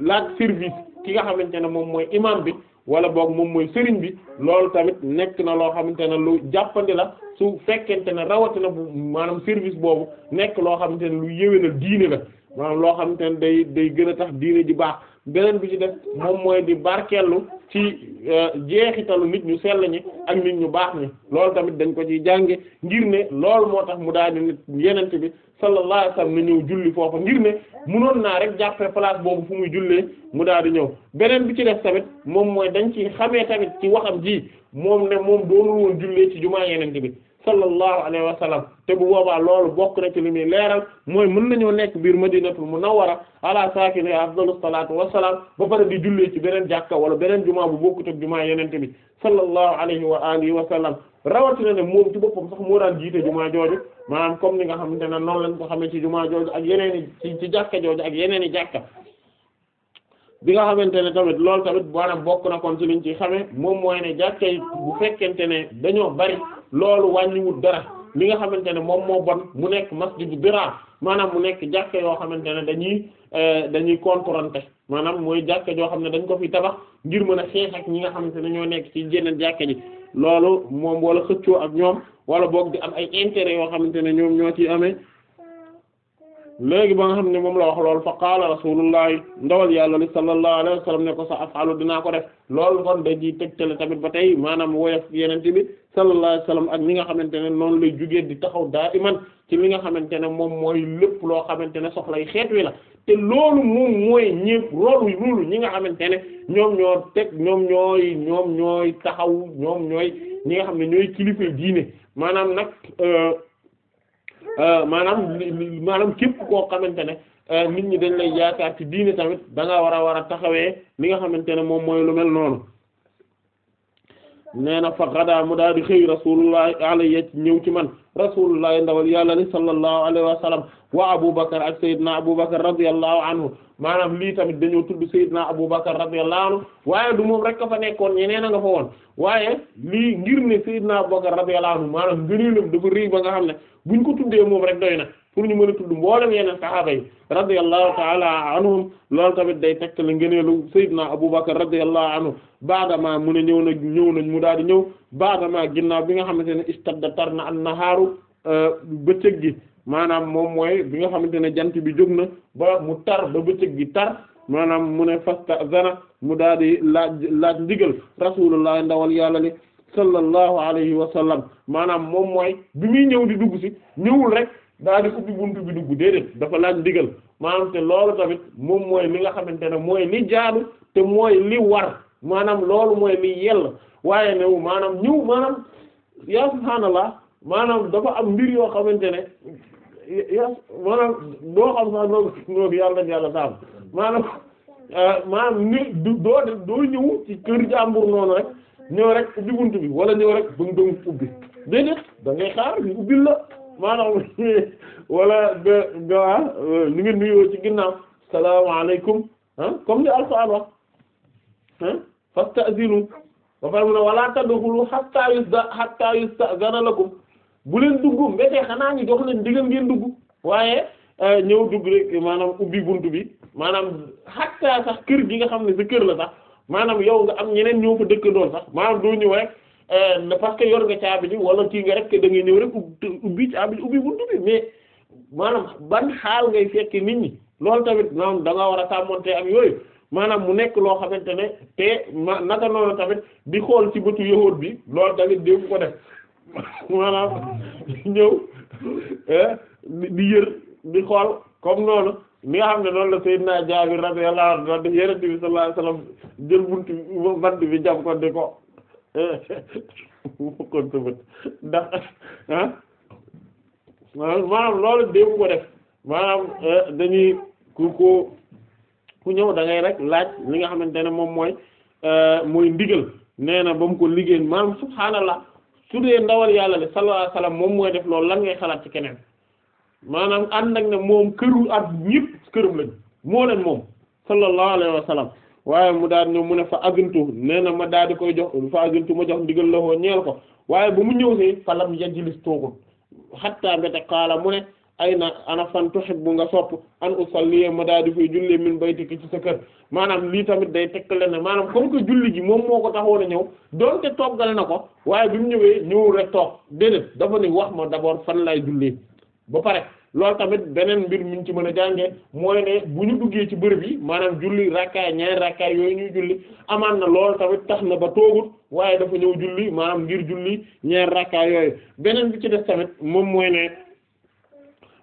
laaj service ki nga xamante ne moom mooy imam bi wala boog moom mooy sëriñ bi loolu tamit nekk na loo xamante ne lu jàppandi la su fekkente ne rawatina bu maanaam service boobu nekk loo xamante ne lu yéwénal diine la maanaam loo xam te ne day day gën a tax diine ji baax beneen bi ci def moom mooy di barkeellu ci euh, jeexitalu nit ñu sell ñi ak nit ñu baax ñi loolu tamit dañ ko ciy jànge ngir ne loolu moo tax mu daal di nit yenente bi sallallahu alayhi wa sallam na ñëw julli foofa ngir ne munoon naa rek jàppee place boobu fu muy jullee mu daal di ñëw beneen bi ci def tamit moom mooy dañ ci xamee tamit ci waxam ji moom ne moom doonul woon jullee ci jumaa yeneen bi sallallahu alayhi wa sallam te bu boobaa loolu bokk na ci li muy leeral mooy mën na nañoo nekk biir madinatul munawwara ala saakini afdalu salaatu wassalaam ba pare di jullee ci beneen jàkka wala beneen jumaa bu bokk ak jumaa yeneen bi sallallahu alayhi wa alihi wa sallam rawatina ne moom ci boppam sax moo daan jiite jumaa jooju maanaam comme ni nga xamante ne noonu lañ ko xamee ci jumaa jooju ak yeneen i ci ci jàkka jooju ak yeneen i jàkka bi nga xamante ne tamit loolu tamit maanaam bokk na kon ci liñ ci xamee moom mooy ne jàkka yi bu fekkente ne dañoo bari loolu wàññiwul dara li nga xamante ne moom moo bon mu nekk masjidu biraa maanaam mu nekk jàkke yoo xamante ne dañuy euh, dañuy concurrenter maanaam mooy jàkke joo xam ne dañ ko fi tabax ngir mën a xeex ak ñi nga xamante na ñoo nekk ci jeneen jàkke ji loolu moom wala xëccoo ak ñoom wala boog di am ay intérêt yoo xamante ne ñoom ñoo ci amee léegi ba nga xam ne moom la wax loolu fa qaala rasulullahi ndawal yàlla li sallallahu alayhi wa sallam ne ko sa afalu dinaa ko def loolu kon teg tele tamit ba tey maanaam woyof yenente bi sallallahu alayhi wa sallam ak ñi nga xamante ne noonu lay jugee di taxaw daa iman ci li nga xamante ne moom mooy lépp loo xamante ne soxlay xeet wi la te loolu moom mooy ñëpp rolu loolu ñi nga xamante ne ñoom ñoo teg ñoom ñooy ñoom ñooy taxaw ñoom ñooy ñi nga xam ne ñooy kilifa diine maanaam nag euh, Euh, maanaam maanaam képp koo xamante ne euh, nit ñi dañ lay yaakaar ci diine tamit da nga war a war a taxawee li nga xamante ne moom mooy lu mel noonu nee na fa xadaa mu daal di xëy rasulullahi alayhi ñëw ci man rasulullahi ndawal yàlla li sallallahu alayhi wa sallam wa aboubacar ak sayyidna aboubacar radiyallahu anhu maanaam lii tamit dañoo tudd sayyidna aboubacar radiyallahu anhu waaye du moom rek ka fa nekkoon ñeneen a nga fa woon waaye lii ngir ne sayyidna aboubacar radiyallahu anhu maanaam ngëneelam dafa rëy ba nga xam ne buñ ko tuddee moom rek doy na pour ñu mën a tudd mboolem yeneen sahaaba yi radiyallahu ta'ala anhum loolu tamit day tegta la ngëneelu sayyidina abubakar radiyallahu anhu baadama mu ne ñëw na ñëw nañ mu daal di ñëw baadama ginnaaw bi nga xamante ne istadda tar na an nahaaru euh, bëccëg gi maanaam moom mooy bi nga xamante ne jant bi jóg na ba mu tar ba gi tar maanaam mu ne fasta zana mu daal di laaj laaj ndigal rasulullah ndawal yàlla li sallallahu alayhi wa sallam maanaam moom mooy bi muy ñëw di dugg si ñëwul rek daa di ubbi buntu bi dugg déedéet dafa laaj ndigal maanaam te loolu tamit moom mooy li nga xamante ne mooy li jaadu te mooy li war maanaam loolu mooy li yell waaye new maanaam ñëw maanaam yaa subhaanallah maanaam dafa am mbir yoo xamante ne yaa maanaam doo xam sax noonu noonu yàlla yàlla taam maanaam euh, maanaam ni du doo doo ñëw ci kër jàmbur noonu rek ñëw rek ubbi buntu bi wala ñëw rek dum dum ubbi déedéet da ngay xaar ñu ubbil la maanaam wala ba ba ah, ni ngeen nuyoo ci ginnaaw salaamaaleykum ah comme ni alquran wax ah fasta'zinu ba pare mu ne wala tadkhulu hatta yusda hatta yusta'zana lakum bu leen dugg mbétee xanaa ñu jox leen digal ngeen dugg waaye eh, ñëw dugg rek maanaam ubbi buntu bi maanaam hatta sax kër gi nga xam ne sa kër la sax maanaam yow nga am ñeneen ñoo fa dëkk doon sax maanaam doo ñëw rek. Euh, parce que yor nga caabi ji wala tii nga rek da ngay ñëw rek ubbi caabi ji ubbi buntu bi mais maanaam ban xaal ngay fekk nit ñi loolu tamit maanaam da nga war a tàmmonte ak yooyu maanaam mu nekk loo xamante ne te ma naka noonu tamit di xool ci bëtu yahood bi loolu tamit dégg ko def maanaam ñëw eh, di yër di xool comme noonu mi nga xam ne noonu la Seydina Jaabir radiyallahu anhu yonent bi sallallahu alayhi wasallam jël buntu bi jam ko di ko kon sa bët ndax ah maanaam loolu déebu ko def maanaam eh, dañuy ku ko ku ñëw da rek laaj li nga xamante ne moom mooy eh, mooy ndigal nee na ba mu ko liggéey maanaam subhaanallah su dee ndawal yàlla le sallallahu alayhi moom mooy def loolu lan ngay xalaat ci keneen maanaam ànd nag ne moom këru at ñëpp këram lañ moo leen moom sallallahu alayhi wasallam waaye mu daal ñëw mu ne fa agintu nee na ma daal di koy jox fa agintu ma jox ndigal la woo ñeel ko waaye ba mu ñëw si falam yajlis toogul xatta mbéte xaala mu ne ay na ana fan tuhibbu nga sopp an usalli ma daal di koy jullee min baytiki ci sa kër maanaam lii tamit day tekkale ne maanaam comme que julli ji moom moo ko taxoon a ñëw doonte toggal na ko waaye bi mu ñëwee ñëwul rek toog déedéet dafa ne wax ma d'abord fan laay jullee ba pare loolu tamit beneen mbir mi ñu ci mën a jàngee mooy ne bu ñu duggee ci bërëb yi maanaam julli rakkaay ñaari rakkaay yooyu ñuy julli amaan na lool tamit tax na ba toogut waaye dafa ñëw julli maanaam ngir julli ñaari rakkaay yooyu beneen bi ci def tamit moom mooy ne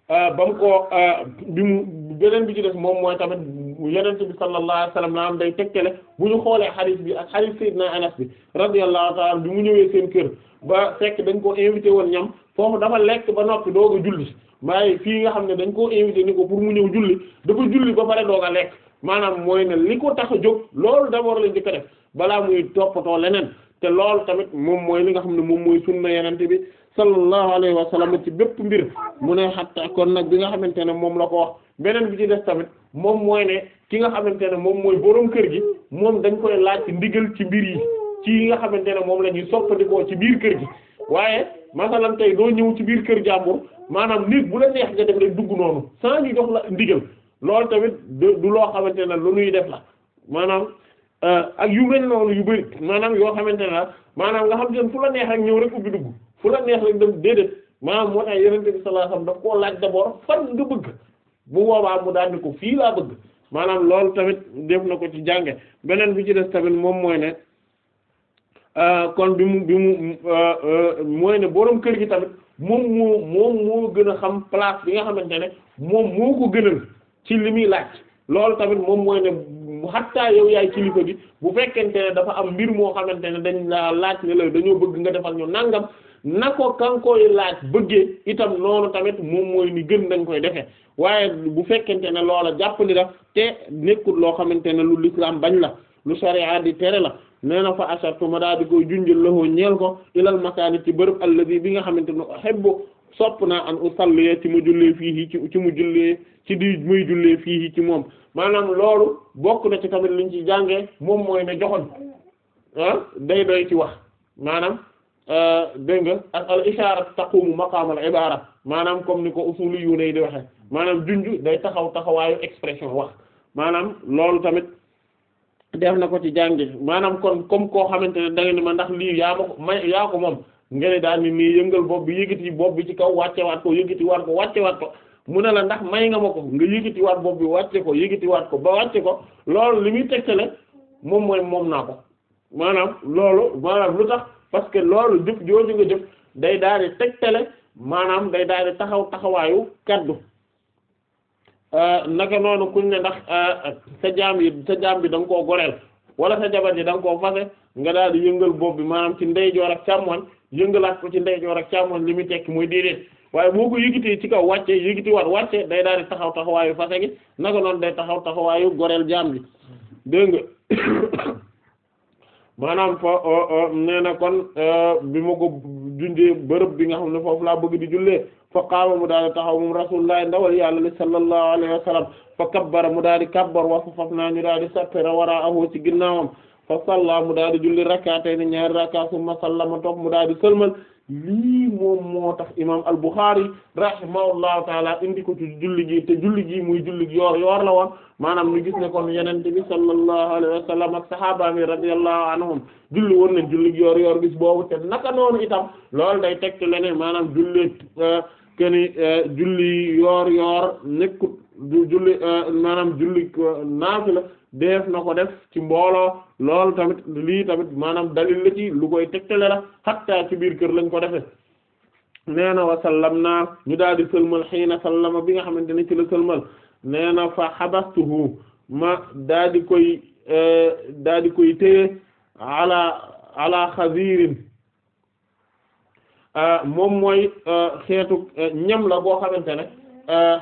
euh, ba mu ko euh, bi mu beneen bi ci def moom mooy tamit yenent bi sallallahu alayhi wasallam la am day tegtale bu ñu xoolee xadiis bi ak xadiis Seydina Anas bi radiyallahu ta'ala bi mu ñëwee seen kër ba dañ ko invité woon ñam foofu dafa lekk ba noppi doog julli maay fii nga xam ne dañ koo invité ni ko pour mu ñëw julli dafa julli ba pare doog a lekk maanaam mooy ne li ko tax a jóg loolu d'abord lañ di ko def balaa muy toppatoo leneen te loolu tamit moom mooy li nga xam ne moom mooy sunna yenente bi sallallahu alayhi wa sallam ci bépp mbir mu ne xatta kon nag bi nga xamante ne moom la ko wax beneen bi ci des tamit moom mooy ne ki nga xamante ne moom mooy boroom kër gi moom dañ koy laaj ci ndigal ci mbir yi ci yi nga xamante ne moom la ñuy soppandikoo ci biir kër gi waaye masalan tey doo ñëw ci biir kër jàmbur maanaam néeg bu la neex nga dem rek dugg noonu sans ñu jox la ndigal loolu tamit du loo xamante ne lu nuy def la maanaam euh, ak yu mel noonu yu bari maanaam yoo xamante na maanaam nga xam te ne fu la neex ak ñëw rek bi dugg fu la neex rek dem déedéet maanaam moo tax yonent bi sallallahu alayhi wasallam daf koo laaj d'abord bu boobaa mu daal di ko fii laa maanaam loolu tamit def na ko ci jànge beneen bi ci des tamit moom mooy ne euh, kon bi mu bi mu euh, mooy ne borom kër gi tamit. moom moo moom moo gën a xam place bi nga xamante ne moom moo ko gënal ci li muy laaj loolu tamit moom mooy ne xattaa yow yaay kilifa bi bu fekkente ne dafa am mbir moo xamante ne dañ laa laaj ne la dañoo bëgg nga defal ñu nangam na ko kan laaj bëggee itam noonu tamit moom mooy ni gën dañ koy defee waaye bu fekkente ne loola jàpp ni la te nekkul loo xamante ne lu lislaam bañ la lu sharia di tere la nee na fa asartu ma daa di koy junjël loxoo ñeel ko ilal makaani ci bërëb alladi bi nga xamante ne uhibbu sopp naa an usalli ci mu jullee fii ci ci mu jullee ci di muy jullee fii ci moom maanaam loolu bokk na ci tamit luñ ci jàngee moom mooy ne joxoñ ah day doy ci wax maanaam euh, dégg nga ak al ishaara taqumu maqaam al ibaara maanaam comme ni ko usuli yu nay di waxe maanaam junj day taxaw taxawaayu expression wax maanaam loolu tamit def na ko ci jànge maanaam kon comme koo xamante ne da nga ni ma ndax lii yaa ma ko may yaa ko moom nga ne daal ni nii yëngal bopp bi yëkkati bopp bi ci kaw wàccewaat ko yëkkatiwaat ko waat ko mu ne la ndax may nga ma ko nga yëkkatiwaat bopp bi wàcce ko yëkkatiwaat ko ba wàcce ko loolu li muy tegtale moom mooy moom naa ko maanaam loolu maanaam lu tax parce que loolu jëf jooju nga jëf day daal di tegtale maanaam day daal di taxaw taxawaayu kaddu Euh, naka noonu kuñ ne ndax euh, sa jaam yi sa jaam bi da nga koo goreel wala sa jabar ji da nga koo fase nga daal di yëngal bopp bi maanaam ci ndeyjoor ak càmmoñ yëngalaat ko ci ndeyjoor ak càmmoñ li muy tekki muy déedéet waaye boo ko ci kaw wàcce yëgiti wat wàcce day daal taxaw taxawaayu fase gi naka noonu day taxaw taxawaayu goreel jaam bi dégg nga maanaam fa oh, oh, nee kon euh, bi ma ko junjee bërëb bi nga xam ne foofu laa bëgg di jullee fa qaama mu daal di taxaw moom rasulullah ndawal yàlla li sallallahu alayhi wa sallam fa kabbara mu daal di kabbar wa faf naa ñu daal di sattera waraa ahoo ci ginnaawam fa salla mu daal di julli rakkaatay ni ñaari rakkaa summa sallama toog mu daal di sëlmal lii moom moo tax imaam al-Bukhari rahimahullahu taala indi ko ci julli gi te julli gi muy julli gi yoor yoor la woon maanaam ñu gis ne kon yeneen bi sallallahu alayhi wa ak sahaaba mi radiyallahu anhum julli woon nañ julli gi yoor yoor bis boobu te naka noonu itam lool day teg ci leneen maanaam julli euh, kenn euh, julli yoor yoor nekkut julli euh, maanaam julli euh, naafila def na ko def ci mbooloo loolu tamit lii tamit maanaam dalil la ci lu koy tegtale la xattaa ci biir kër lañ ko defe nee na wa sallam naa ñu daal di sëlmal xiina sallama bi nga xamante ne ci la sëlmal nee na fa xabastuhu ma daa koy euh, daa di koy téye ala ala xazirin moom mooy xeetu ñam boo xamante ne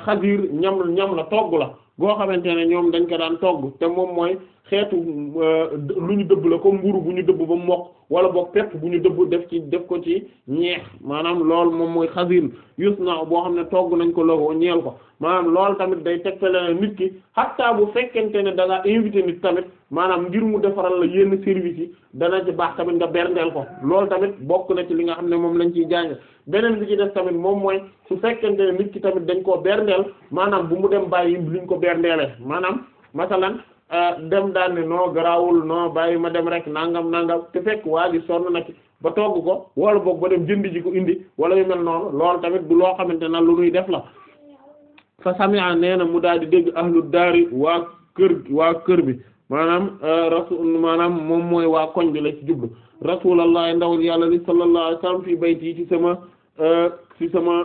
xadir euh, ñam ñam la togg la goo xamante ne ñoom dañ ko daan togg te moom mooy xeetu euh, lu ñu dëbb la comme mburu bu ñu dëbb ba mokk wala boog pepp bu ñu dëbb def ci def ko ci ñeex maanaam loolu moom mooy xasin yus na boo xam ne togg nañ ko logo ñeel ko maanaam loolu tamit day teg tegtale nit ki xattaa bu fekkente ne da nga invité nit tamit maanaam ngir mu defaral la yenn service yi dana ci baax tamit nga berndeel ko loolu tamit bokk na ci li nga xam ne moom lañ ciy jàng beneen bi ci def tamit moom mooy su fekkente ne nit ki tamit dañ koo berndeel maanaam bu mu dem bàyyi liñ ko berndeele maanaam masalan Ah, dem daal ne non garaawul non bàyyi ma dem rek nangam nangam te fekk waa ji sonn na ci ba togg ko wala boog ba dem jënd ji ko indi wala yu mel noonu loolu tamit du loo xamante ne lu nuy def la fa sami'a nee na mu daal di dégg ahlu daari waa kër waa kër bi maanaam ah, rasul maanaam moom mooy waa koñ bi la ci jublu rasulullah ndawul yàlla li sallallahu alayhi wasallam fi bayti ci sama ah, ci sama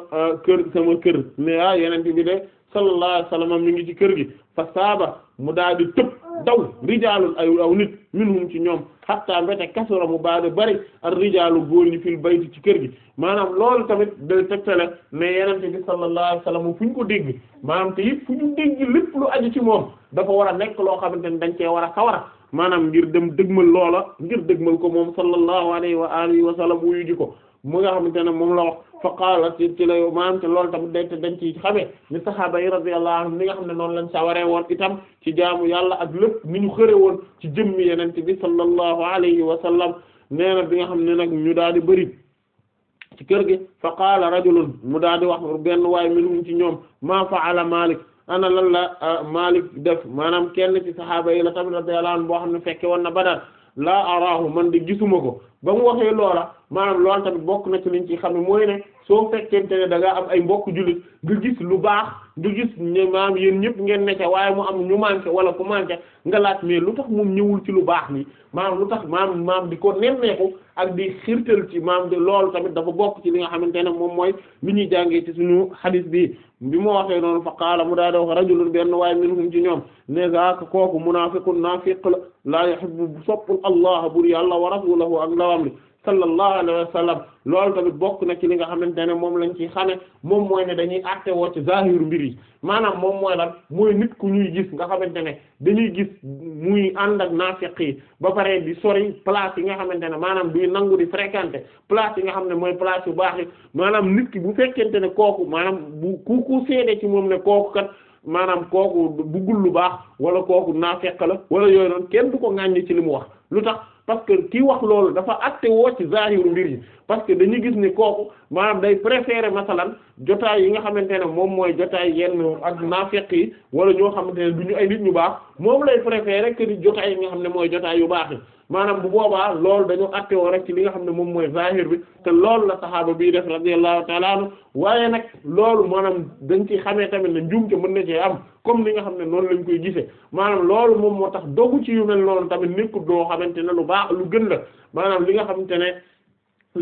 kër sama kër mais ah yeneen bi de. sallallahu alayhi wasallam mi ngi ci kër gi fa saaba mu daal di tëb daw rijaalul ay aw nit minhum ci ñoom xatta mbete kasura mu baada bari ak rijaalu góor ñi fil bayti ci kër gi maanaam loolu tamit day tegtale ne yenente bi sallallahu alayhi wasallam fu ñu ko dégg maanaam te it fu ñu dégg lépp lu aju ci moom dafa war a nekk loo xamante ne dañ kee war a xawara maanaam ngir dem dëgmal loola ngir dëgmal ko moom sallallahu alayhi wa alihi wa sallam yi ji ko mu nga xamante ne moom la fa qaala ci ci lay maanaam te loolu tamit day dañ ci xamee ni sahaaba yi radiyallahu anhum ni nga xam ne noonu lañ sawaree woon itam ci jaamu yàlla ak lépp ni ñu xëre woon ci jëmm yeneen bi sallallahu alayhi wa sallam nee na bi nga xam ne nag ñu daal di bëri ci kër gi fa qaala rajulun mu daal di wax benn waay minhum ci ñoom maa ala Maalik ana lan la ah, Maalik def maanaam kenn ci sahaaba yi la tamit radiyallahu anhu boo xam ne fekke woon na Badar laa araahu man de gisuma ko ba mu waxee loola maanaam loolu tamit bokk na ci liñ ci xam ne mooy ne soo fekkente ne da ngaa am ay mbokk jullit nga gis lu baax nga gis maam yéen ñëpp ngeen nekk waaye mu am ñu manqué wala ku manqué nga laaj mais lu tax moom ñëwul ci lu baax ni maam lu tax maam maam di ko nemmeeku ak di xirtal ci maam de loolu tamit dafa bokk ci li nga xamante ne moom mooy li ñuy jàngee ci suñu xadis bi bi mu waxee noonu fa qaala mu daa di wax rajulun benn waaye minhum ci ñoom ne zaaka kooku munaafiqun naafiq la laa yuhibbu soppul allah bur yàlla wa rasulahu ak ndawam li sallallahu alayhi wa sallam loolu tamit bokk na ci li nga xamante ne moom lañ ci xame moom mooy ne dañuy àtte woo ci zahir mbir yi maanaam moom mooy lan mooy nit ku ñuy gis nga xamante ne dañuy gis muy ànd ak naafiq yi ba pare di sori place yi nga xamante ne maanaam duy nangu di fréquenter place yi nga xam ne mooy place yu baax yi maanaam nit ki bu fekkente ne kooku maanaam bu ku ku seede ci moom ne kooku kat maanaam kooku buggul lu baax wala kooku naafeq la wala yooyu kenn ko ŋàññi ci li mu wax parce que ki wax loolu dafa àtte woo ci zaahiru mbir yi parce que dañuy gis ni kooku maanaam day préférer masalan jotaay yi nga xamante ne moom mooy jotaay yenn ak naafeq yi wala ñoo xamante ne du ñu ay nit ñu baax moom lay préférer kër di jotaay yi nga xam ne mooy jotaay yu baax maanaam bu boobaa loolu dañoo atte woon rek ci li nga xam ne moom mooy zahir bi te loolu la saxaaba bii def radiyallahu ta'ala anhu waaye nag loolu maanaam dañ ci xamee tamit ne njuumte mën na cee am comme li nga xam ne noonu lañ koy gisee maanaam loolu moom moo tax dogu ci yu mel noonu tamit nekkul doo xamante ne lu baax lu gën la maanaam li nga xamante ne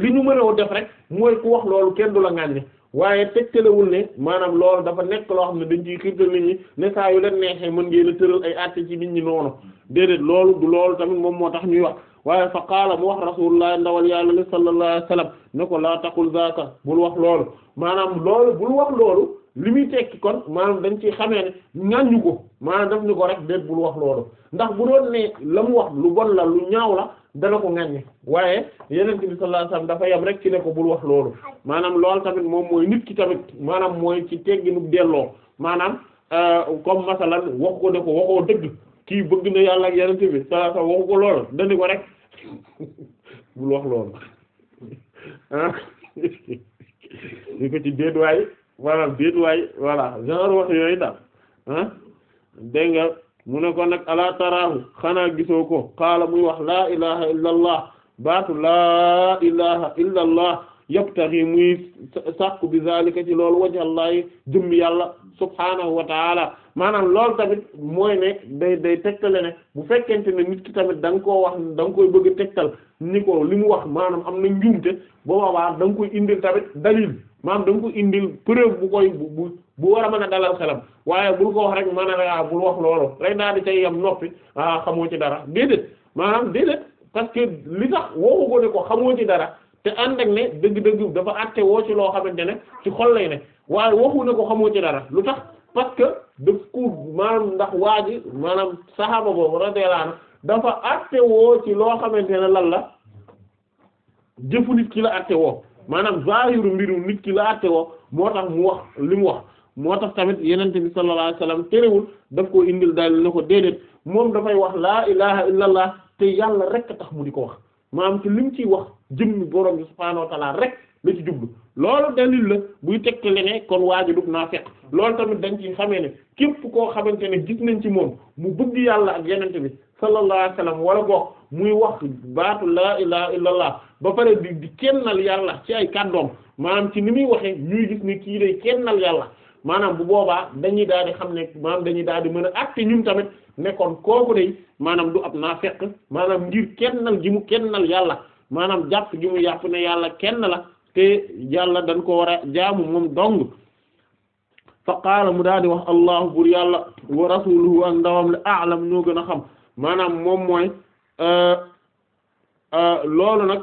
li ñu mën a def rek mooy ku wax loolu kenn du la ŋàññe waaye tegtalewul ne maanaam loolu dafa nekk loo xam ne dañ ciy xiirtal nit ñi ne saa yu leen neexee mën ngeen a tëral ay àtte ci nit ñi noonu déedéet loolu du loolu tamit moom moo tax ñuy wax waaye fa qaala mu wax rasulullah ndawal yàlla li sallallahu alayhi wasallam ne ko laa taqul zaaka bul wax loolu maanaam loolu bul wax loolu li muy tekki kon maanaam dañ ci xamee ne ñaññu ko maanaam daf ñu ko rek déet bul wax loolu ndax bu doon ne la mu wax lu bon la lu ñaaw la dana ko ŋàññe waaye yeneen bi sallallahu alayhi dafa yam rek ci ne ko bul wax loolu maanaam loolu tamit moom mooy nit ki tamit maanaam mooy ci tegginu delloo maanaam euh, comme masalan waxu ko ne ko waxoo dëgg kii bëgg na yàlla ak yeneen bi sallallahu waxu ko loolu dani ko rek bul wax loolu ah ñu ko ci déet waaye wala déet waay voilà genre wax yooyu daal ah dégg mu ne ko nag ala taraahu xanaa gisoo ko xaala muy wax laa ilaha illa allah baatu laa ilaha illa allah yabtaghi muy sàkku bi zalika ci loolu wajhallahi jëmm yàlla subhaanahu wa taala maanaam loolu tamit mooy ne day day tegtale ne bu fekkente ne nit ki tamit da nga koo wax da nga koy bëgg tegtal ni ko li mu wax maanaam am na njuumte booba da nga koy indil tamit dalil maanaam da ko indil preuve bu koy bu bu war a man a dalal xelam waaye bul ko wax rek maanaam ah bul wax loolu rek daal di cay yam noppi ah xamoo ci dara déedéet maanaam déedéet parce que li tax woo ko ne ko xamoo ci dara te ànd ak ne dëgg-dëgg dafa àtte woo ci loo xamante ne ci xol lay ne waaye waxu ne ko xamoo ci dara lu tax parce que daf ko maanaam ndax waa ji maanaam saxaaba a radiyallahu dafa àtte woo ci loo xamante ne lan la jëfu nit ki la àtte woo. maanaam zaahiru mbiru nit ki la atte woo moo tax mu wax li mu wax moo tax tamit yenente bi sallallahu alayhi wasallam terewul daf koo indil daal ne ko déedéet moom dafay wax laa ilaha illallah te yàlla rek tax mu di ko wax maanaam ci lim ciy wax jëmmi borom bi subhaanahu wa ta'ala rek la ci jublu loolu dalil la buy tegtale leneen kon waaji dug naafiq loolu tamit dañ ci xamee ne képp koo xamante ne gis nañ ci moom mu bëgg yàlla ak yenente bi sallallahu alayhi wala gox muy wax baatu laa ilaha illallah ba pare di di kennal yàlla ci ay kàddoom maanaam ci ni muy waxee ñuy gis ni kii day kennal yàlla maanaam bu boobaa dañuy daal di xam ne maanaam dañuy daal di mën a àtte ñun tamit nekkoon kooku day maanaam du ab naafeq maanaam ngir kennal gi mu kennal yàlla maanaam jàpp gi mu yàpp ne yàlla kenn la te yàlla dañ ko war a jaamu moom dong fa qaala mu daal di wax allahu bur yàlla wa rasuluhu ak ndawam le a'lam ñoo gën a xam maanaam moom mooy euh, euh, loolu nag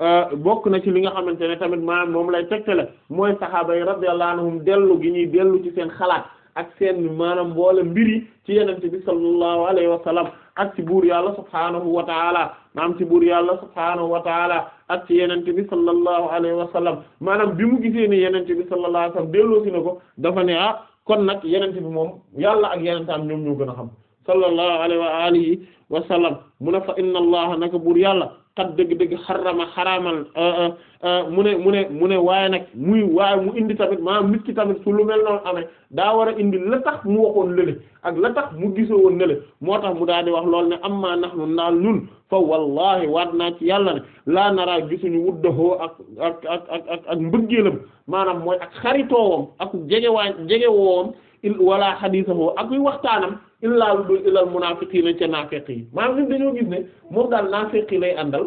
Euh, bokk na ci li nga xamante ne tamit maanaam moom lay tegtale mooy saxaaba yi radiyallahu anhum dellu gi ñuy dellu ci seen xalaat ak seen maanaam mboole mbiri ci yenente bi sallallahu alayhi wa sallam ak buur yàlla subhaanahu wa taala maanaam ci buur yàlla subhaanahu wa taala ak ci yenente bi sallallahu alayhi wa sallam maanaam bi mu gisee bi sallallahu alayhi wa sallam delloo si na ko dafa ne ah kon nag yenente bi moom yàlla ak yenentaam ñoom ñoo gën a xam sallallahu alayhi wa alihi wa sallam mu ne fa inna allaha naka buur yàlla kat dëgg-dëgg xarama xaraamal euh, euh, euh, mu ne mu ne mu ne waaye nag muy waaye mu indi tamit maanaam nit ki tamit su lu mel noonu amee daa war a indi la tax mu waxoon lële ak la tax mu gisoo woon moo tax mu daal di wax lool ne amma nahnu naal ñun fa wallahi waat naa ci yàlla ne laa naraa gisuñu wuddahoo ak ak ak ak maanaam mooy ak xaritoowam ak jegewaa jegewoowam il wala xadiisahu ak yu waxtaanam illaa lu dul illal munaafiqiina ca naafeq yi maanaam ñun dañoo gis ne moom daal naafeq yi lay àndal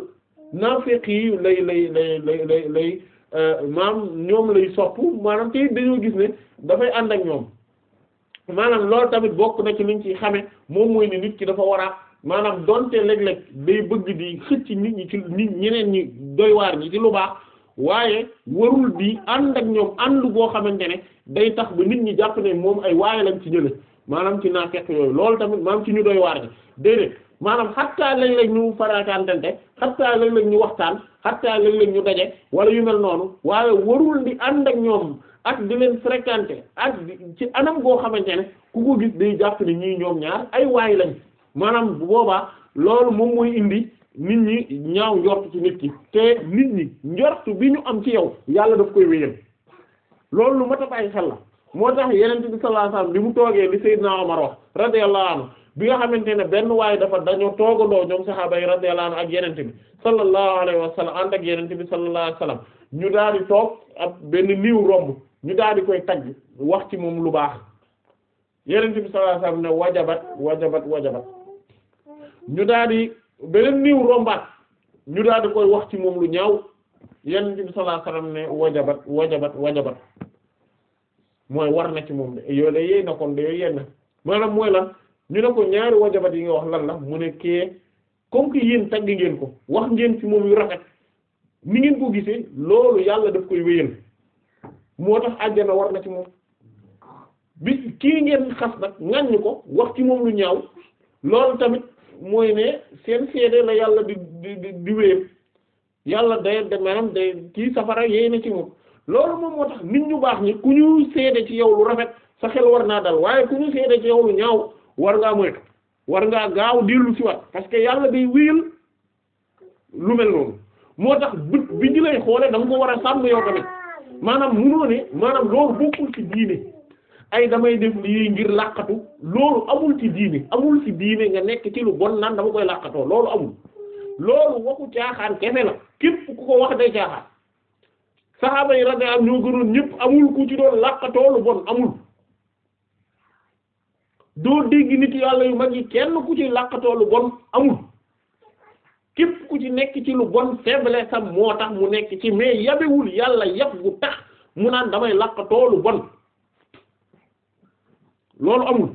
naafeq yi lay lay lay lay lay lay euh, maanaam ñoom lay sopp maanaam te dañoo gis ne dafay ànd ak ñoom maanaam loolu tamit bokk na ci liñ ci xame moom mooy ni nit ki dafa war a maanaam donte léeg-léeg day bëgg di xëcc nit ñi ci ñeneen ñi doy waar ñi ci lu baax waaye warul bi ànd ak ñoom ànd boo xamante ne day tax ba nit ñi jàpp ne moom ay waaye lañ ci jële maanaam ci naafeq yooyu loolu tamit maanaam ci ñu doy waar ji déedéet maanaam xattaa léeg-léeg ñu faratantante xattaa léeg-léeg ñu waxtaan xattaa léeg-léeg ñu daje wala yu mel noonu waaye warul di ànd ak ñoom ak di leen fréquenter ak ci anam goo xamante ne ku ko gis day jàpp ne ñuy ñoom ñaar ay waay lañ maanaam bu boobaa loolu moom mooy indi nit ñi ñaaw njort ci nit ki te nit ñi njort bi ñu am ci yow yàlla daf koy wéyal loolu lu mat a bàyyi xel la moo tax yeneen bi sallallahu alayhi wasallam bi mu toogee li Seydina Umar wax radiyallahu anhu bi nga xamante ne benn waaye dafa dañoo toogandoo ñoom saxaaba yi radiyallahu anhu ak yeneen bi sallallahu alayhi wasallam ànd ak yeneen bi sallallahu alayhi wasallam ñu daal di toog ab benn niiw romb ñu daal di koy tagg wax ci moom lu baax yeneen bi sallallahu alayhi wasallam ne wajabat wajabat wajabat ñu daal di beneen niiw rombaat ñu daal di koy wax ci moom lu ñaaw yan bi sallallahu alayhi wasallam ne wajabat wajabat wajabat mooy war na ci moom de yooyu da yéy na kon de yooyu yenn maanaam mooy lan ñu ne ko ñaari wajabat yi nga wax lan la mu ne kee comme que yéen tagg ngeen ko wax ngeen ci moom yu rafet ni ngeen ko gisee loolu yàlla daf koy wéyal moo tax àjjana war na ci moom bi kii ngeen xas nag ŋaññi ko wax ci moom lu ñaaw loolu tamit mooy ne seen seede la yàlla di di di wéyam yàlla day de maanaam day kii safara yéy na ci moom loolu moom moo tax nit ñu baax ñi ku ñu seede ci yow lu rafet sa xel war naa dal waaye ku ñu seede ci yow lu ñaaw war ngaa moytu war ngaa gaaw dellu ci wat parce que yàlla day wéyal lu mel noonu moo tax bët bi ñu lay xoole danga ko war a sàmm yow tamit maanaam munoo ne maanaam loolu bokkul ci diine ay damay def lii ngir làqatu loolu amul ci diine amul ci diine nga nekk ci lu bon naan dama koy làqatoo loolu amul loolu waxu caaxaan kese la képp ku ko wax day caaxaan saxaaba yi radiyallahu anhum ñoo gënoon ñëpp amul ku ci doon làqatoo lu bon amul doo dégg nit yàlla yu mag yi kenn ku ci làqatoo lu bon amul képp ku ci nekk ci lu bon faiblesse am moo tax mu nekk ci mais yabewul yàlla yab gu tax mu naan damay làqatoo lu bon loolu amul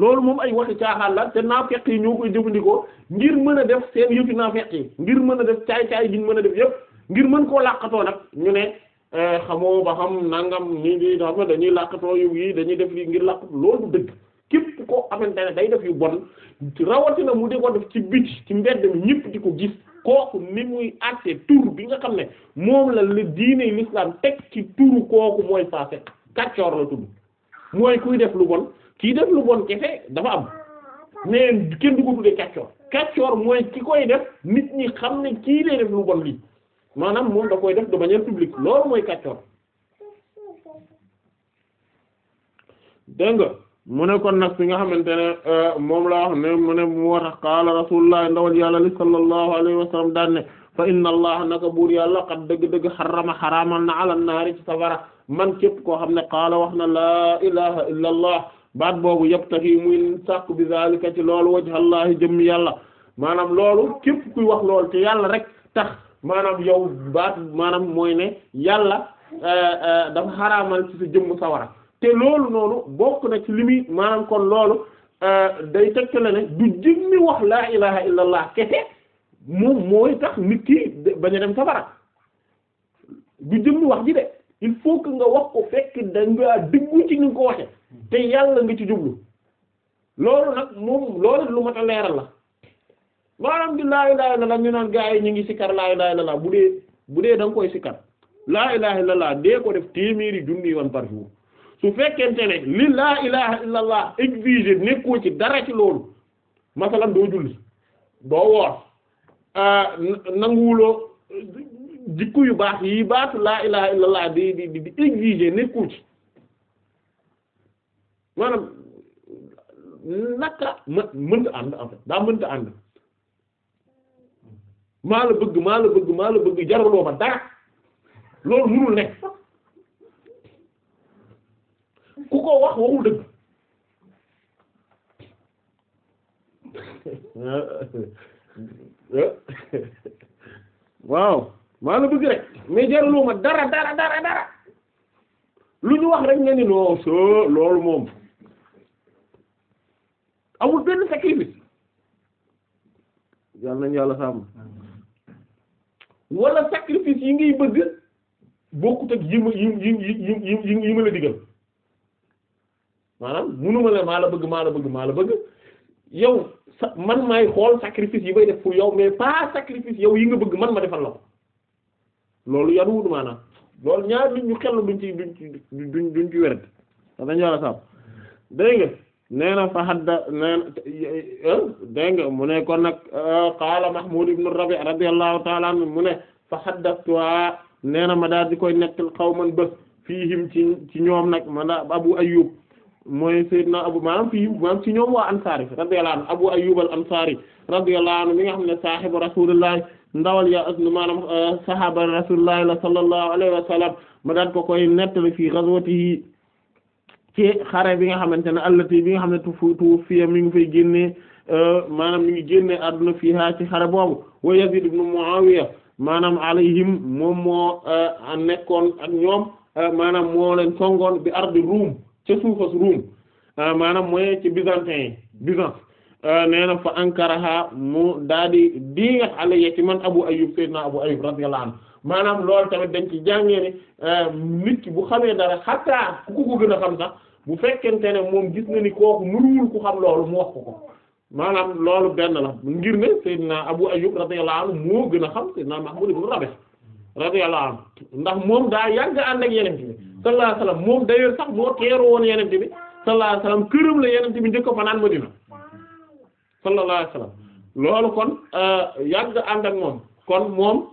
loolu moom ay waxi caaxaan la te naafeq yi ñoo koy jëfandikoo ngir mën a def seen yëfi naafeq yi ngir mën a def caay-caay gi ñu mën a def yëpp ngir mën koo làqatoo nag ñu ne eh, xamoo ba xam nangam nii di dañuy làkkatoo yu yi dañuy def li ngir làqatu loolu dëgg képp koo xamante ne day def yu bon rawatina mu di ko def ci biti ci mbedd mi ñëpp di ko gis kooku ni muy àtte tur bi nga xam ne moom la le diine l'islam teg ci turu kooku mooy faase kàccoor la tudd mooy kuy def lu bon kii def lu bon kese dafa am mais kenn du ko tuddee kàccoor mooy ki koy def nit ñi xam ne kii lay def lu bon lii maanaam moom da koy def de manière publique loolu mooy kàccoor dégg nga mu ne kon nag fi nga xamante ne euh, moom la wax ne mu ne moo tax qaala rasulullah ndawal yàlla li sallallahu alayhi wa daan ne fa inna allah naka buur yàlla qad dëgg-dëgg xarama xaraamal na ala naari ci safara man képp koo xam ne qaala wax na laa ilaha illa allah baat boobu yabtahi muy sàkku bi zalika ci loolu wajhallahi jëmm yàlla maanaam loolu képp kuy wax loolu te yàlla rek tax maanaam yow baat maanaam mooy ne yàlla eh, eh, dafa xaraamal ci sa jëmm sawara te loolu noonu bokk na ci limi maanaam kon loolu eh, day tegtale ne du jëmmi wax laa ilaha illa allah moom mooy tax nit ki bañ a dem safara du jëm wax ji de il faut que nga wax ko fekk da nga dëggu ci ni ko waxe te yàlla nga ci jublu loolu nag moom loolu lu ma a leeral la maanaam di laa ilaaha illallaah ñu naan gaa yi ñu ngi sikkar laa ilaaha illallaah bu dee bu dee da koy sikkar laa ilaaha illallaah dee ko def téeméeri junni yoon par jour su fekkente ne li laa ilaaha illallaah exigé nekkoo ci dara ci loolu masalan doo julli doo woor nanguwuloo jikko yu baax yi baatu laa ilaha illallah di di di exiger nekkul ci maanaam naka ma mënta ànd en fait daa mënta ànd maa la bëgg maa la bëgg maa la bëgg jaraloo ma dara loolu mënul nekk ku ko wax waxul dëgg waaw maa la bëgg rek mais jaruloo ma dara dara dara lu ñu wax rek nga ni non soo loolu moom amul benn sacrifice yàlla nañu yàlla sàmm wala sacrifice yi ngay bëgg bokkut ak yi ma yi yi yi yi yi ma digal maanaam munuma la maa bëgg maa bëgg maa bëgg yow sa man maay xool sacrifice yi bay def pour yow mais pas sacrifice yow yi nga bëgg man ma defal la ko loolu yan wut maanaam loolu ñaar nit xel duñ ci duñ ci duñ duñ ci wér sax dañu war a sàmm dégg nga nee na fa hadda nee eh, eh, nga mu ne kon nag eh, qaala Mahmoud ibn Rabi radiyallahu ta'ala anhu mu ne fa haddatu nee na ma daal di koy nekkal xaw man fii fiihim ci ci ñoom nag ma Abu Ayyub. mooy na Abu maanaam fii maanaam ci ñoom waa Ansaari radiyallahu anhu Abu Ayyub ansaari radiyallahu mi nga xam ne saahibu Rasuulullah ndawal ya asnu maanaam euh, sahaaba Rasuulullah la sallallahu alayhi wa sallam ma daan ko koy nettali fii ghazwatihi ci xare bi nga xamante ne allati bi nga xam ne tufu fiya mi ngi fay génnee euh, maanaam mi ngi génnee àdduna fii ha ci xare boobu wa Yazid ibn Muawiya maanaam alayhim moom moo euh, nekkoon ak ñoom maanaam moo leen songoon bi ardi Ruum ca suufas Ruum euh, maanaam mooy ci byzantin yi Byzance euh, nee na fa ankaraha mu daa di diingat alayya ci man Abu Ayyub Seydina Abu Ayyub radiyallahu anhu maanaam loolu tamit dañ ci jàngee ne euh, nit ki bu xamee dara xataa ku ko gën a xam sax bu fekkente ne moom gis na ni kooku nuruwul ku xam loolu mu wax ko ko maanaam loolu benn la ngir ne Seydina Abu Ayyub radiyallahu anhu moo gën a xam Seydina Mahmoud ibn Rabih radiyallahu anhu ndax moom daa yàgg ànd ak yeneen ci sallallahu alayhi moom d'ailleurs sax moo teeru woon yenente bi sallallahu alayhi wasallam këram la yenente bi njëkk fanaan Madina sallallahu alayhi wasallam loolu kon euh, yàgg ànd ak moom kon moom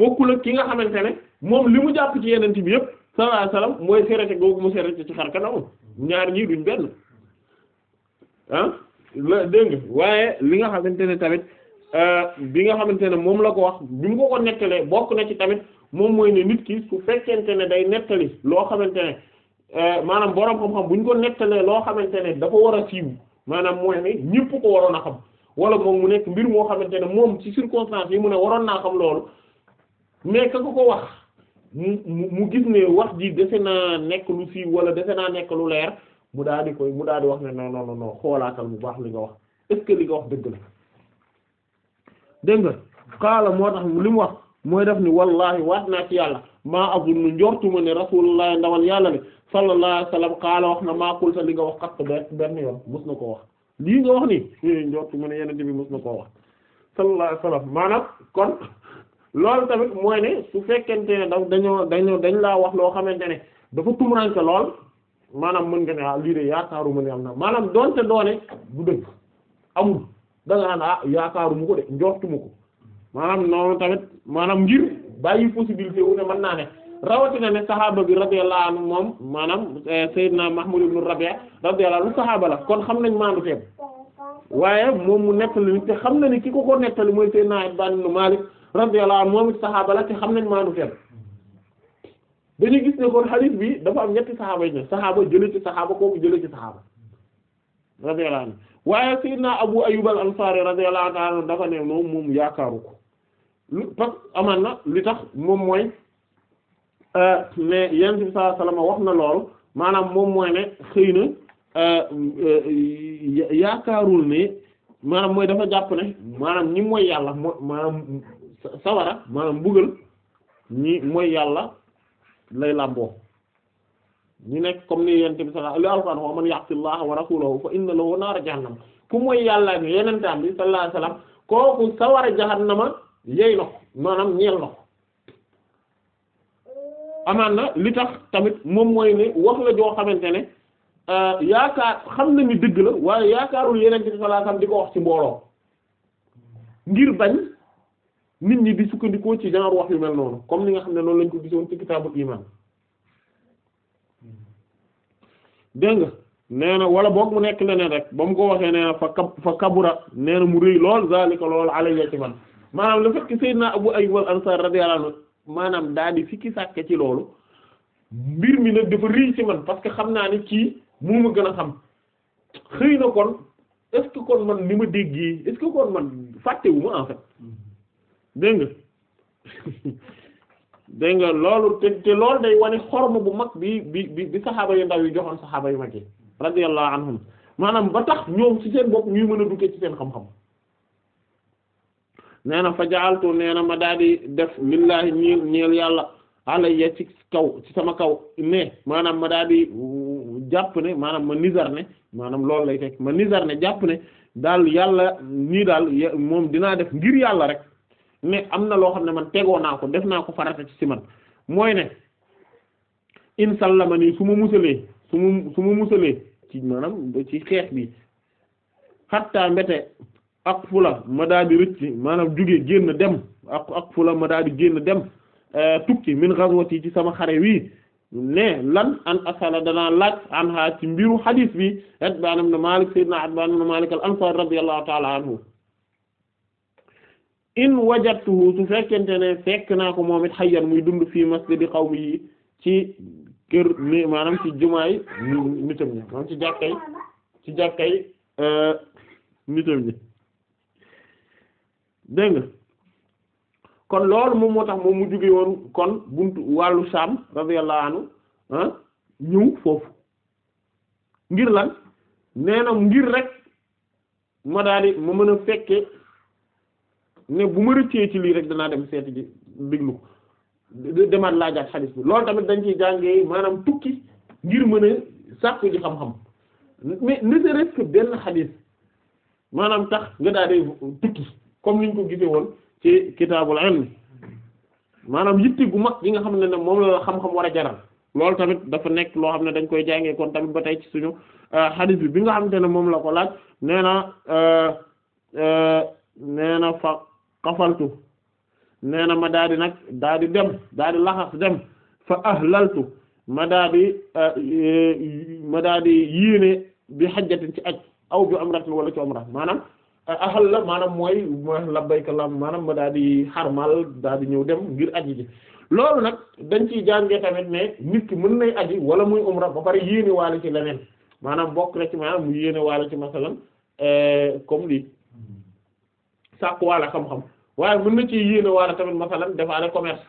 bokkul ak ki nga xamante ne moom li mu jàpp ci yenente bi yëpp sallallahu alayhi wasallam mooy serete googu mu serete ci xar kanamam ñaar ñii duñ benn ah la waaye li nga xamante ne tamit euh, bi nga xamante ne moom la ko wax bi mu ko ko nettalee bokk na ci tamit moom mooy ne nit ki su fekkente ne day nettali loo xamante ne euh, maanaam boroom xam-xam bu ñu ko nettalee loo xamante ne dafa war a siiw maanaam mooy ne ñëpp ko waroon a xam wala moom mu nekk mbir moo xamante ne moom ci circonstance yi mu ne waroon naa xam loolu mais ka ko ko wax mu mu gis ne wax ji dese naa nekk lu siiw wala dese naa nekk lu leer mu daal di koy mu daal di wax ne non non non xoolaatal bu baax li nga wax est li nga wax dëgg la dégg nga xaala li mu wax. mooy def ni wallaahi waat naa ci yàlla maa azunnu njortuma ne rasulullah ndawal yàlla ne sallallahu alayhi wa sallam qaala wax na maa qulta li nga wax xat benn benn yoon mës na koo wax lii nga wax nii eh, njortuma ne yenente bi mës na koo wax sallallahu alayhi wa sallam maanaam kon lool tamit mooy ne su fekkente ne da dañoo dañoo dañ laa wax loo xamante ne dafa tumuranke lool maanaam mën nga ne ah lii de yaakaaruma ne am na maanaam doonte doone bu dëgg amul da nga naan ah yaakaaruma ko ko maanaam ngir bàyyi possibilité wu ne mën naa ne rawatina ne saxaaba bi radiyallahu moom maanaam naa eh, Seydina Mahmoud ibn Rabi'a radiyallahu anhu saxaaba la kon xam nañ maandu teeb waaye moom mu nettali te xam na ni ki ko ko nettali mooy Seydina Abbaan ibn Maalik radiyallahu anhu moom it saxaaba la te xam nañ maandu teeb dañuy gis ne kon hadith bi dafa am ñetti saxaaba yi ne saxaaba jëlee ci saxaaba kooku jëlee ci saxaaba radiyallahu anhu waaye Seydina Abu Ayyub al-Ansari radiyallahu anhu lu tax amaan na li tax moom mooy euh, ne yonent bi sallallahu alayhi wasallam na lool maanaam moom mooy ne xëy na euh, euh, yaakaarul mooy dafa jàpp ne maanaam ñi mooy yàlla moo maanaam sawara maanaam mbugal mooy yàlla lay làmboo ñu nekk comme ni yonent bi sallallahu alayhi wasallam wa man ya'si Allah wa rasulahu bi sallallahu alayhi wasallam kooku sawara yey na maanaam ñeel na ko amaan na li tax tamit moom mooy ne wax la joo xamante ne euh, yaakaar xam na ni dëgg la waaye yaakaarul yeneen ci sallallahu alayhi wasallam di ko wax ci mbooloo ngir bañ nit ñi di sukkandikoo ci genre wax yu mel noonu comme ni nga xam ne noonu lañ ko gisoon ci kitaabul iman dégg nga nee na wala boog mu nekk leneen rek ba mu ko waxee nee na fa kab kabura nee mu rëy lool zalika lool alayya ci man maanaam la fait que naa Abu Ayyub al-Ansari radiyallahu anhu maanaam daal di sikki sàkke ci loolu mbir mi nag dafa riy ci man parce que xam naa ne kii moo ma gën a xam xëy na kon est-ce que kon man ni ma déggee est kon man fàttewu ma en fait dégg nga loolu te te loolu day wane xorma bu mag bi bi bi bi saxaaba yu ndaw yi joxoon saxaaba yu mag yi radiyallahu anhum maanaam ba tax ñoom ci seen bopp ñuy mën a duggee ci seen xam-xam nee na fa jaaltu nee na ma daal di def lillahi ñeel ñeel yàlla alayya ci kaw ci sama kaw ne maanaam ma daal di jàpp ne maanaam ma nizar ne maanaam lool lay fekk ma nizar ne jàpp ne daal yàlla nii daal moom dinaa def ngir yàlla rek ne am na loo xam ne man tegoo naa ko def naa ko farata ci ci man mooy ne in sallama nii su ma musalee su ma su ma musalee ci maanaam ci xeex bi xattaa mbete ak fu la ma daa di rëcc maanaam jóge génn dem ak ak fu ma daa di dem eh, tukki min ghazwati ci sama xare wii ne lan an asala danaa laaj anha ci mbiru hadith bi Itbaan ibn Maalik sayyidina Itbaan ibn Maalik al-Ansaari radiyallahu ta'ala anhu in wajadtuhu su fekkente ne fekk naa ko moom it hayyan muy dund fii masjidi qawmi yi ci kër ni maanaam ci jumaay nitam ñi maanaam ci jàkkay ci jàkkay eh, nitam ñi dégg nga kon loolu moom moo tax moom mu jóge woon kon bunt wàllu Saam radiyallahu anhu ah ñëw foofu ngir lan nee ngir rek ma daal di ma mën a fekke ne bu ma rëccee ci lii rek danaa dem seeti ji déglu ko demaat laajaat xadiis bi loolu tamit dañ ci jàngee maanaam tukki ngir mën a sàkku ji xam-xam mais ne serait-ce benn xadiis maanaam tax nga daal tukki. comme niñ ko gisee woon ci kitaabul ilm maanaam yitte gu mag yi nga xam ne ne moom la xam-xam war a jaral loolu tamit dafa nekk loo xam ne dañ koy jàngee kon tamit ba tey ci suñu euh, hadith bi bi nga xam xamante ne moom la ko laaj nee na euh, euh, nee na fa kafaltu nee na ma daa nag daa di dem daa di laxas dem fa ahlaltu ma daa di ma daa di yéene bi xajjatin ci aj aw bi umratin walla ci umra maanaam ahal la maanaam mooy labbayka lam maanaam ma daal di xarmal daal di ñëw dem ngir aji ji loolu nag dañ ciy jàngee tamit ne nit ki mën nay aji wala muy umra ba pare yéene waale ci leneen maanaam bokk rek ci maanaam mu yéene waale ci masalan eh, comme lii sàkku waale xam-xam waaye mën na ci yéene waale tamit masalan defaale commerce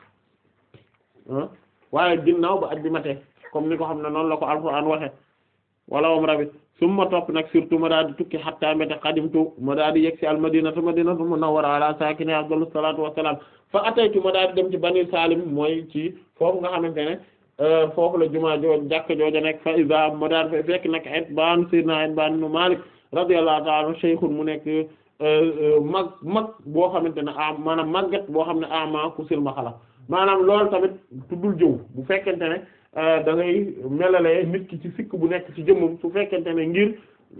ah, waaye ginnaaw ba at bi matee comme ni ko xam ne noonu la ko alxuraan waxe wala umra bi summa topp nag surtout ma daa di tukki hatta mbéte xadimtu ma daa di yegsi al madinatu madinatu munawwara ala saakini afdalu salaatu wassalaam fa ataytu ma daa di dem ci bani mooy ci foofu nga xamante ne euh, foofu la jumaa jooju jàkka jooju nekk fa iza ma daa di fekk nag Itbaan sayyidina Itbaan ibn Maalik radiyallahu ta'ala shaykhun mu nekk euh, euh, mag mag boo xamante ne ah maanaam màgget boo xam ne ah maa ku silmaxa la maanaam lool tamit tuddul jëw bu fekkente ne. Euh, da ngay melalee nit ki ci sikk bu nekk ci jëmmam su fekkente ne ngir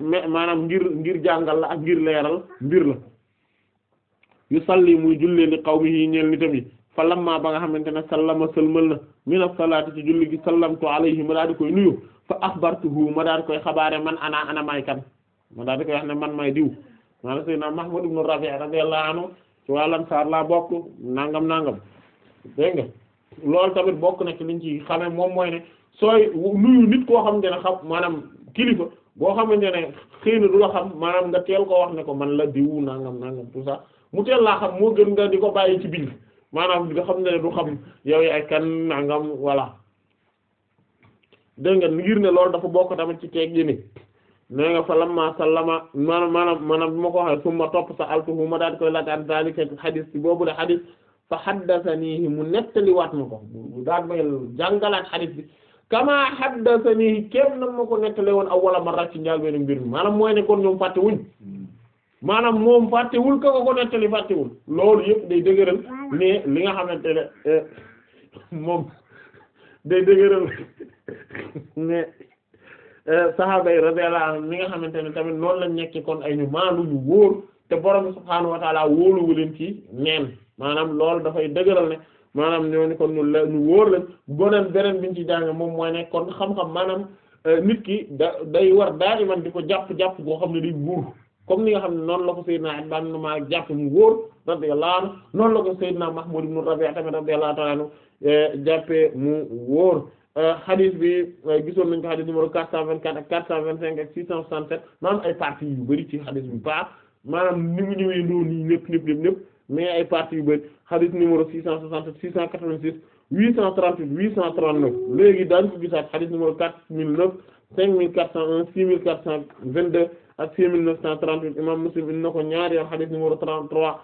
maanaam ngir ngir jàngal la ak ngir leeral mbir la yu salli muy jullee ni xaw mi yi ñeel nitam yi fa lamma ba nga xamante ne sallama sëlmal na mina salaati ci julli gi sallamtu alayhi ma daa di koy nuyu fa axbartuhu ma daa di koy xabaare man ana ana may kan ma daa di koy wax man may diw maanaam sayyidina Mahmud ibn Rafi' radiyallahu anhu ci wàllan saar laa bokk nangam nangam dégg loolu tamit bokk na ci liñ ci xamee moom mooy ne sooy nuyu nit koo xamante ne xam maanaam kilifa boo ne xëy na xam maanaam nga teel koo wax ne ko man la diwu nangam nangam tout ça mu teel laa xam moo gën nga di ko bàyyi ci biir maanaam nga xam nga du xam yow yi ay kan nangam voilà dégg nga ngir ne loolu dafa bokk tamit ci teeg gi ni nee nga fa lamma sallama maanaam maanaam maanaam bu ma ko waxee summa topp sa altuhu ma daal di koy laaj an daalika xadis ci boobu la xadis fa xaddasanihi mu nettaliwaat ko mu daal may jàngalaat xadiis bi kamaa xaddasanihi kenn ma ko nettale woon awwala marra ci njaal benn mbir mi maanaam mooy ne kon ñoom fàttewuñ maanaam moom fàttewul ka ko ko nettali fàttewul loolu yëpp day dëgëral ne li nga xamante ne eh, moom day dëgëral ne eh, sahaaba yi mi nga xamante ne tamit noonu la nekk kon ay ñu maanu ñu wóor te borom subhaanahu wa ta'ala wóoluwu neen maanaam loolu dafay dëgëral ne maanaam ñooñu kon le ñu wóor lañ boneen beneen bi biñ ci jàng moom mooy ne kon xam-xam maanaam euh, nit ki da day war daa man di ko jàpp-jàpp goo xam ne day buur comme ni nga xam ne noonu la ko Seydina Itbaan ibn Maalik jàpp mu wóor radiyallahu anhu la ko Seydina Mahmud ibn Rabi' tamit radiyallahu ta'ala anhu euh, jàppee mu wóor euh, hadith bi gisoon nañ ko hadith numéro 424 ak 425 ak 667 maanaam ay parties yu bari ci hadith bi baax maanaam ni mu ñëwee noonu lépp lépp lépp mais ay parties yu bëri xadis numéro 667 686 838 839 léegi daañu ko gisaat xadis numéro 4009 5401 6422 ak 6938 imaam Muslim indi na ko ñaari yoon xadis numéro 33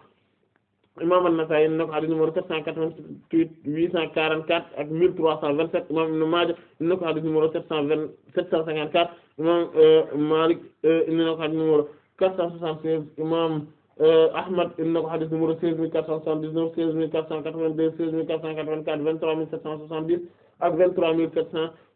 imaam An-Nasa'i indi na ko xadis numéro 788 844 ak 1327 imaam Ibn Maaja indi na ko xadis numéro 720 754 imaam Maalik indi na ko xadis numéro 476 imaam. Euh, Ahmad indi na ko xadis numéro 16479 16482 16484 23770 ak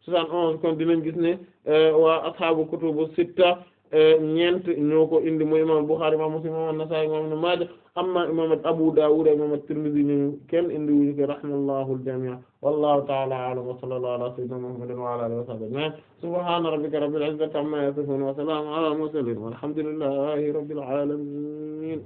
23771 kon dinañ gis ne euh, waa ashaabu kutubu sitta Eh, ñeent ñoo ko indi mooy imam Bukhari imam Muslim imam An-Nasa'i imam Ibn Maaja amma imam Abu Dawud imam At-Tirmidhi ñu kenn indi wuñu ko rahmallahu al-jami' wallahu ta'ala a'lam wa sallallahu ala sayyidina Muhammadin wa ala alihi wa sahbihi subhana rabbika rabbil izzati amma yasifun wa salamun ala al-mursalin walhamdulillahi rabbil alamin